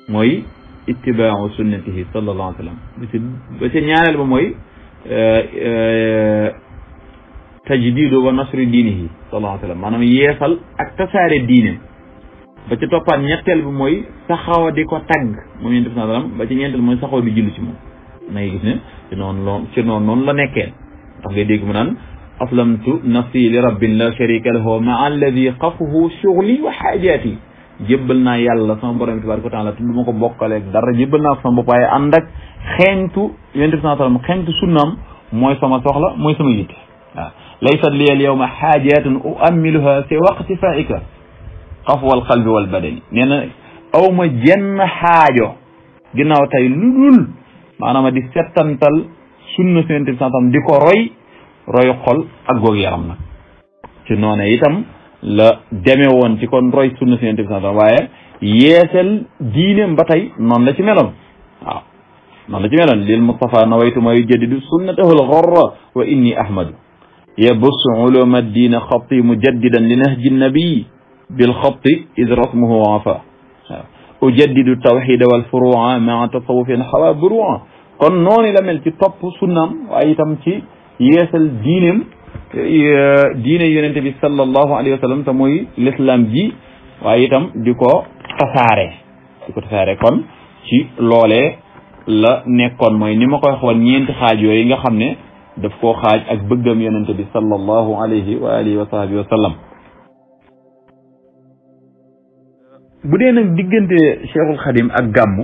moy ittiba'u sunnatihi sallallahu alayhi wa sallam ba ci ba ba moy تجديد ونصر دينه صلى الله عليه وسلم مانام ييفال اك تسار الدين با تي توبا نيتل بو موي تخاو ديكو تاغ موي نبي صلى الله عليه وسلم با تي موي تخاو بي جيلو سي مو jébbal naa yàlla sama borom bi tabaraka taala te du ma ko bokkaleeg dara jébbal naa ko sama bopp waaye ànd ak xeeñtu yonent bi sallam xeeñtu mooy sama soxla mooy sama ma waaw laysat li al yawma xaajatun uammiluha fi waqti faika xafwa al qalbi wal badani nee na aw ma jenn xaajo ginnaaw tey lu dul maanaam di settantal sunna si yonent bi di ko roy royu xol ak googu yaram nag ci noonu itam لا دميون تكون راي سنة سنة تفسانة وياه يسأل دينهم بتاعي نان لشي ملهم نان لشي ملهم للمصطفى نويت ما يجدد سنته الغر وإني أحمد يبص علوم الدين خطي مجددا لنهج النبي بالخط إذ رسمه عفا أجدد التوحيد والفروع مع تصوف حوا بروع قنون لمل تطب سنة أي تمشي يسأل دينهم E, diine yonente bi sallallahu alayhi wa sallam te ji waaye itam di ko tasaare di ko tasaare kon ci loolee la nekkoon mooy ni ma koy waxoon ñeenti xaaj yooyu nga xam ne daf koo xaaj ak bëggam yonente bi sallallahu alayhi wa alihi wa sahbihi wa sallam bu dee nag diggante cheikhul xadim ak gàmm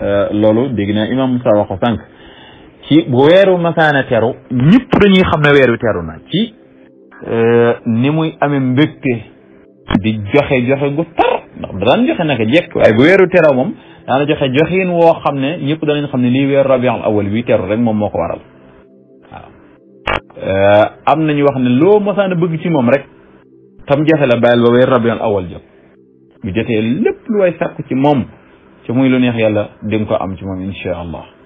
e, loolu dégg naa imam Moussa waxo sànq ci bu weeru masaana teru ñëpp dañuy xam ne weer wi teru na ci euh, ni muy amee mbégte di joxe joxe gu tar ndax daan joxe naka jekk waaye bu weeru teraw moom daana joxe joxin woo xam ne ñëpp danañ xam ne lii weer rabiul awal wi teru rek moom moo ko waral waaw euh, am nañu wax ne loo masaana bëgg ci moom rek tam jafe la bàyyil ba weeru rabiul awal jot bu jotee lépp lu way sàkku ci moom ci muy lu neex yàlla di ko am ci moom incha allah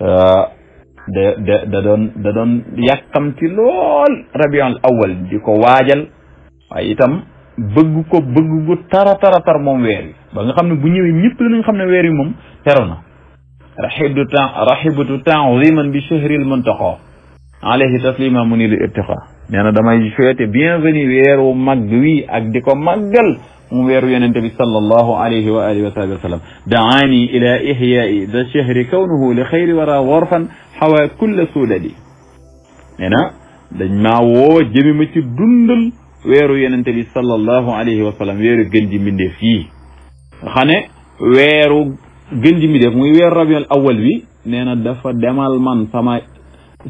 Euh, da da da doon da doon lool rabiul awal di ko waajal waaye itam bëgg ko bëgg gu tara tara tar moom weer yi ba nga xam ne bu ñëwee ñëpp dinañ xam ne weer yi moom teru na raxibu temps raxibatu temps ziman bi shahril muntaqa alayhi taslima mu ni li irtiqa nee na damay souhaité bienvenue weeru mag wi ak di ko màggal mu weeru yonente bi sallallahu alayhi wa alihi wa sahbihi wa sallam daani ila ihyai da chehri kawnuhu li xayri wara warfan xawa kulla suuladi nee na dañ maa woo jëmi ma ci dundal weeru yonente bi sallallahu alayhi wa sallam weeru gën ji mbindeef yii nga xam ne weeru gën ji mbindeef muy weeru rabiul awal wi nee na dafa demal man sama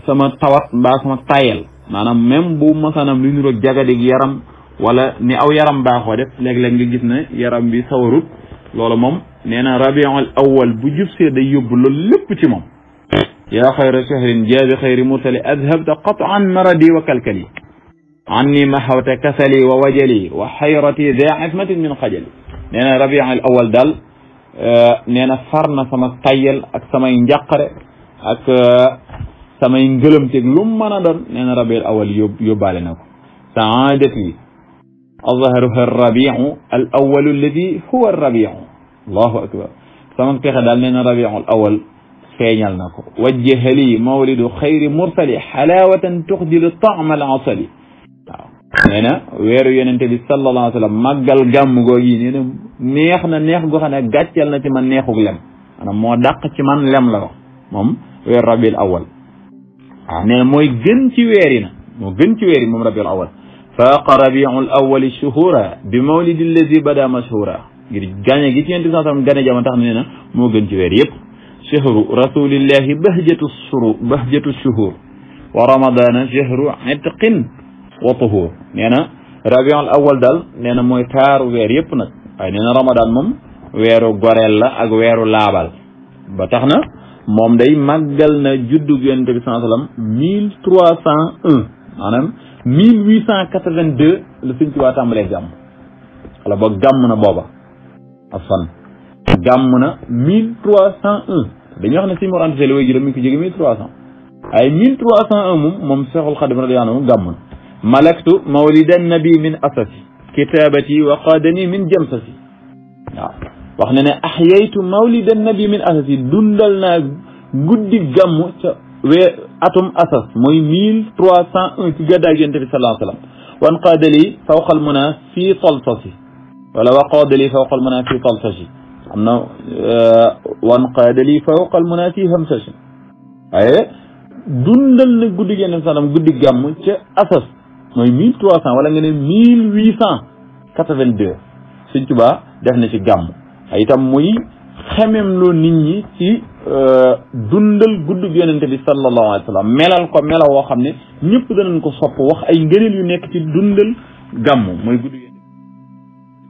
sama tawat mbaa sama tayel manam même bu ma masanam lu jagade jagadig yaram wala ni aw yaram ba baaxoo def leg leg nga gis ne yaram bi sawrut loolu mom neena na rabiul awwal bu jufse day yob loolu lépp ci mom ya xayra shahrin jaabi mursal adhhab adhabta qatan maradi wa kalkali anni mahawta kasali wa wajali wa xayrati da ismatin min xajali nee na rabiul awal daal nee na far na sama tayel ak samay njàqare ak samay ngeulum tek lu meena don neena rabi'ul awal yobale nako sa'adati الظهر هو الربيع الأول الذي هو الربيع الله أكبر فمن تخد علينا ربيع الأول خين لنكو وجه لي مولد خير مرسل حلاوة تخدل الطعم العصلي هنا ويرو ينتبه صلى الله عليه وسلم مقل جم غوين نيخنا نيخ غوخنا قتلنا تمن نيخ غلم أنا مو دق تمن لم لغو مم ويرو ربيع الأول nee mooy gën ci weer yi na moo gën ci weer yi moom rabiul awal faaqa rabiul awali shuhura bi mawlidi alladi bada mashhura ngir gane gi ci yonent bi sallam gane jamono tax nee na moo gën ci weer yëpp shahru rasulillahi bahjatu shuru bahjatu shuhur wa ramadana shahru itqin wa tuhur nee na rabiul awal daal nee na mooy taaru weer yëpp nag waaye nee na ramadan moom weeru goreel la ak weeru laabal ba tax na mom day magal na juddu yonent bi sallallahu alayhi wasallam mille trois cent un maanaam mille huit cent quatre-vingt-deux wala ba gàmm na boba afan fan na 1301 trois wax na si Mor jël way jëm mi ngi ko jóge mille ay 1301 mom mom cheikhul khadim radhiyallahu anhu gàmm malaktu mawlidan nabi min asasi kitaabati wa qaadani min jamsasi واخنا احييت مولد النبي من اساس دندلنا غودي غام و اتوم اساس موي 1301 في غدا جنت في صلى الله عليه وسلم وان قاد لي فوق المنى في طلطسي ولا وقاد لي فوق المنى في طلطسي امنا وان قاد لي فوق المنى في همسش اي دندلنا غودي جنت في صلى الله غودي غام تي اساس موي 1300 ولا غني 1800 82 سنتوبا دافنا سي غامو itam muy xemem lo nit ñi ci dundal guddu yonente bi sallallahu alayhi wasallam melal ko melaw wo xamne ne ñëpp danañ ko sopp wax ay ngeenel yu nekk ci dundal gam moy guddu yonente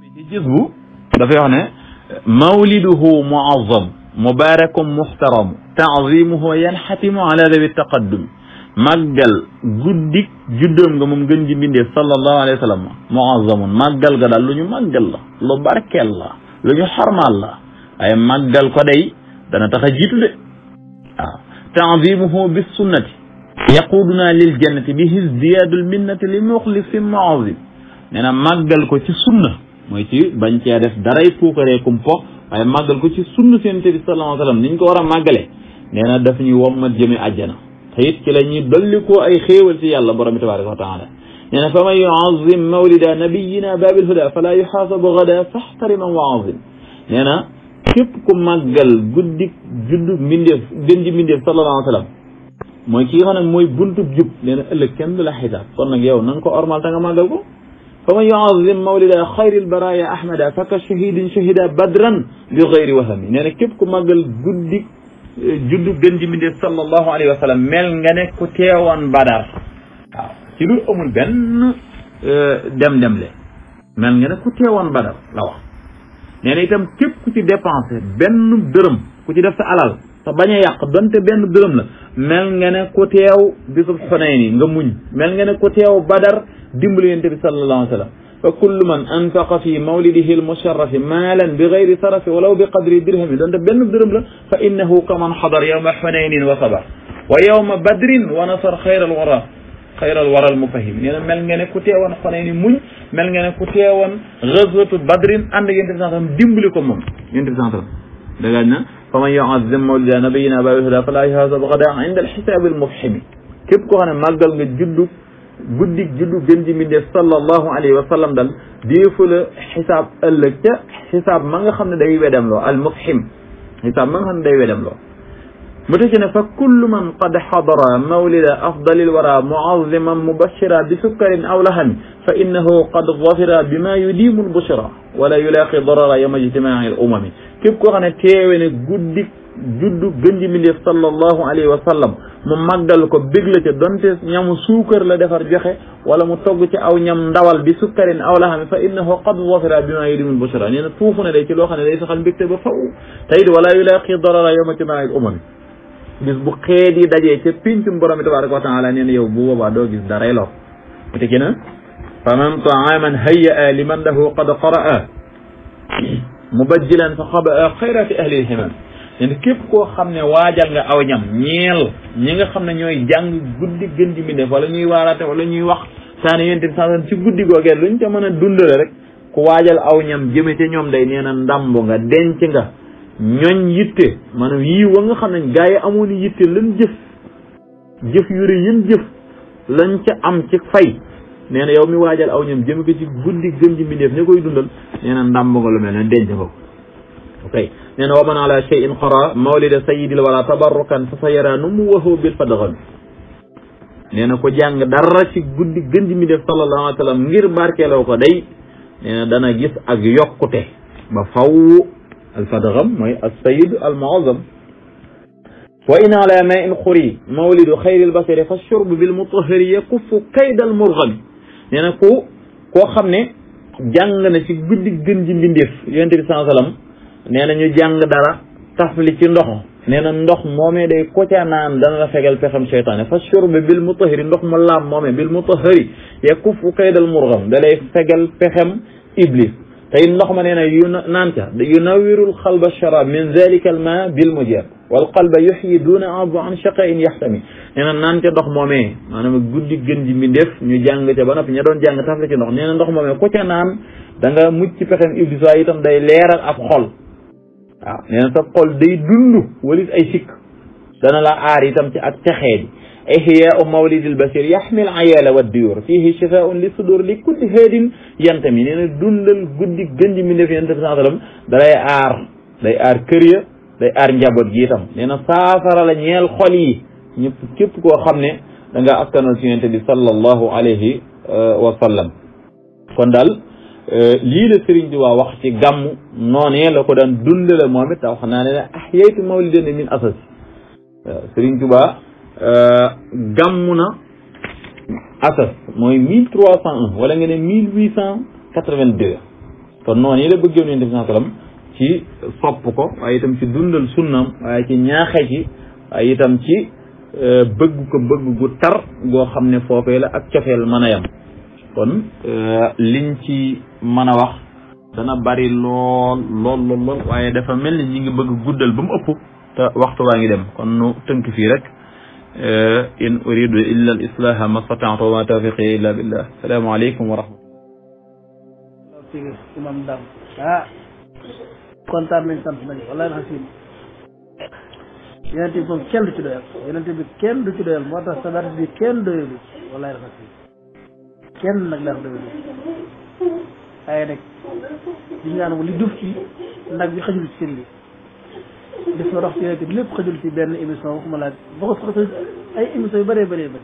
bi ci gis bu dafay wax ne mawliduhu muazzam mubarakum muhtaram ta'zimuhu yanhatimu ala dhabi taqaddum magal guddik juddoom nga mom gën ji mbindee sallallahu alayhi wasallam mu'azzam magal ga dal lu ñu màggal la lu barkel la lu ñu xormaal la ay màggal ko day dana tax a jiitu de waaw tanzimuhu bis sunnati yaquduna lil jannati bi hisdiyaadul minnati li muxlisin moazim nee na màggal ko ci sunna mooy ci bañ cee def daray puukaree kumpo waaye màggal ko ci sunna seen te bi sallallahu alayhi wa sallam niñ ko war a màggalee nee na daf ñuy wommat jëme àjjana te ci la ñuy dollikoo ay xéewal ci yàlla borom bi tabaraka wa taala يعني فمن يعظم مولد نبينا باب الهدى فلا يحاسب غدا فاحترم وعظم يعني كيفكم ما قال جدك جد من ديف جد من ديف صلى الله عليه وسلم ما كي خانم موي بنت جب لأن يعني اللي كان له حدا فرنا جاو نانكو أرمال تانا ما قالكو فمن يعظم مولد خير البرايا أحمد فك شهيد شهيد بدرا بغير وهم يعني كيفكم ما قال جدك جد جد من ديف صلى الله عليه وسلم مل غنك كتير وان بدر 好。ci lu amul benn dem-dem le mel nga ne ku teewoon badar la wax nee na itam képp ku ci dépensé benn dërëm ku ci def sa alal te bañ a yàq donte benn dërëm la mel nga ne ku teew bisub xunayni nga muñ mel nga ne ku teew badar dimbali yonent bi sallallahu alayhi wa sallam fa kullu man anfaqa fi mawlidihi almusharrafi maalan bi gayri sarafi walaw bi qadri dirhami donte benn dërëm la fa innahu kaman xadar yowma xunaynin wa sabar wa yowma badrin wa nasar xayra alwara xayral waral mufahim nee na mel nga ne ku teewoon xone ni muñ mel nga ne ku teewoon ghazwatu badrin ànd yonent bi sallam dimbali ko moom yonent bi sallam dagaaj na fa man yu'azzim mawlida nabiyina ba wahda fala yuhasabu ghadan inda alhisabi almufhim képp koo xam ne màggal nga juddu guddi juddu gën ji mi def sallallahu alayhi wa sallam dal deefu la xisaab ëllëg ca xisaab ma nga xam ne day wedam loo al mufhim xisaab ma nga xam ne day wedam loo متشن فكل من قد حضر مولد أفضل الورى معظما مبشرا بسكر أو لحم فإنه قد ظفر بما يديم البشرى ولا يلاقي ضرر يوم اجتماع الأمم كيف كان تيوين جد جد جنج من صلى الله عليه وسلم من مجدل كو بيغل تي دونت نيام سوكر ولا مو او يوم دوال بسكر سكر او لحم فانه قد وفر بما يريد البشرى نين فوفو ني دي لو خاني دي ولا يلاقي ضرر يوم اجتماع الامم bis bu xeet yi dajee ca pincum borom bi tabaraka wa taala nee na yow bu boobaa doo gis daray lor mu tekki na fa man a hayya liman lahu qad qaraa mubajjilan fa xaba xayra képp koo xam ne waajal nga aw ñam ñeel ñi nga xam ne ñooy jàng guddi gën ji mi wala ñuy waaraate wala ñuy wax saane yéen tamit sasan ci guddi googee luñ ca mën a dundale rek ku waajal aw ñam jëme ca ñoom day nee na ndàmb nga denc nga ñooñ yitte maanaam yii wa nga xam nañ gaa yi amoon yitte lan jëf jëf yu rëy yën jëf lañ ca am ci fay nee na yow mi waajal aw ñam jëm ko ci guddi gëm ji mbindeef ña koy dundal nee ndàmb nga lu mel ne denc ko ok nee na wa man ala cheyin xara mawlida sayidil wala tabarrukan fa sa yara numu waxoo bil fadxami nee na ko jàng dara ci guddi gën ji mbindeef sallallahu alayhi ngir barkeeloo ko day nee dana gis ak yokkute ba faw الفدغم مي السيد المعظم وإن على ماء خري مولد خير البصر فالشرب بالمطهر يقف كيد المرغم يعني كو كو خمني جانغ نسي بد جن جن جن ديف يعني تري سان سلام نينا نيو جانغ دارا تفلي تي ندخ نينا ندخ مومي دي كوتيا نان دانا لا فغل فخم شيطان فالشرب بالمطهر ندخ ملا مومي بالمطهر يقف كيد المرغم دالاي فغل فخم ابليس تاي نخما نينا نانتا ينور القلب الشراب من ذلك الماء بالمجاب والقلب يحيي دون عضو عن شقاء يحتمي نينا نانتا دخ مومي مانام غودي گندي مي ديف ني جانغ تي بانوب ني دون جانغ تافلا تي نخ نينا دخ مومي كوتا نان داغا موتي فخن ابليس واي تام داي ليرال اب خول آه. نينا تا خول داي دوندو وليت اي سيك دانا لا ار تام تي اك تخيدي هي أم وليد البشر يحمل عيال والديور فيه شفاء لصدور لكل هاد ينتمي لأن دون الجد جند من في أنت بسم الله آر داي آر كريه داي آر نجابت جيتم لأن سافر لنيال خلي نكتب كو خمنة نجا أكن الفينت صلى الله عليه آه، وسلم فندل آه، لي لسرين جوا وقت جمو نوني لكو دان دون للمومت أو خنانة أحييت مولدين من أساس آه، سرين جوا Euh, gàmm na asas mooy mille trois cent un wala nga ne mille huit cent quatre vingt deux kon noonu yi la bëggee woon def naa salaam ci sopp ko waaye itam ci dundal sunnam waaye ci ñaaxe ci waaye itam ci euh, bëgg ko bëgg gu tar goo xam ne foofee la ak cofeel mën a yam kon euh, liñ ci mën a wax dana bari lool lool lool lool waaye dafa mel ni ñi ngi bëgg guddal ba mu ëpp te waxtu waa ngi dem kon nu tënk fii rek إن أريد إلا الإصلاح ما استطعت وما توفيقي إلا بالله السلام عليكم ورحمة الله kontaan nañ sant nañ wala na xasim yeneen bi moom kenn du ci doyal yeneen bi kenn du ci doyal moo tax sabat bi kenn doyalu wala na xasim kenn nag dara doyalu waaye nag di ñaan li duf ci nag bi xajul ci seen bi gis nga dox ci yooyu lépp xajul ci benn émission waxuma laa ba ko xajul ay émission yu bëree bëree moo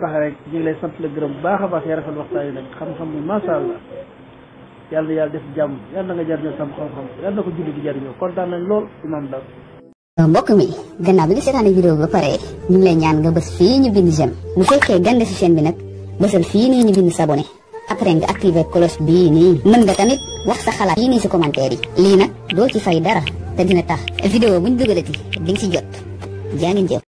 tax rek ñu ngi la gërëm bu baax a baax rafet waxtaan yi nag xam-xam bi macha allah def jàmm yàlla na nga jariñoo sam xam-xam yàlla na ko julli di jariñoo kontaan nañ lool imam daal mbokk mi gannaaw bi nga seetaanee vidéo bi ba pare ñu ngi lay ñaan nga bës fii ñu bind jëm bu fekkee gande si chaîne bi nag bësal fii nii ñu bind s'abonné après nga activer cloche bi ni man nga tamit wax sa xalaat yi ni si commentaire li nak do ci fay dara te dina tax video buñ dugalati ding ci jot jangin jeuf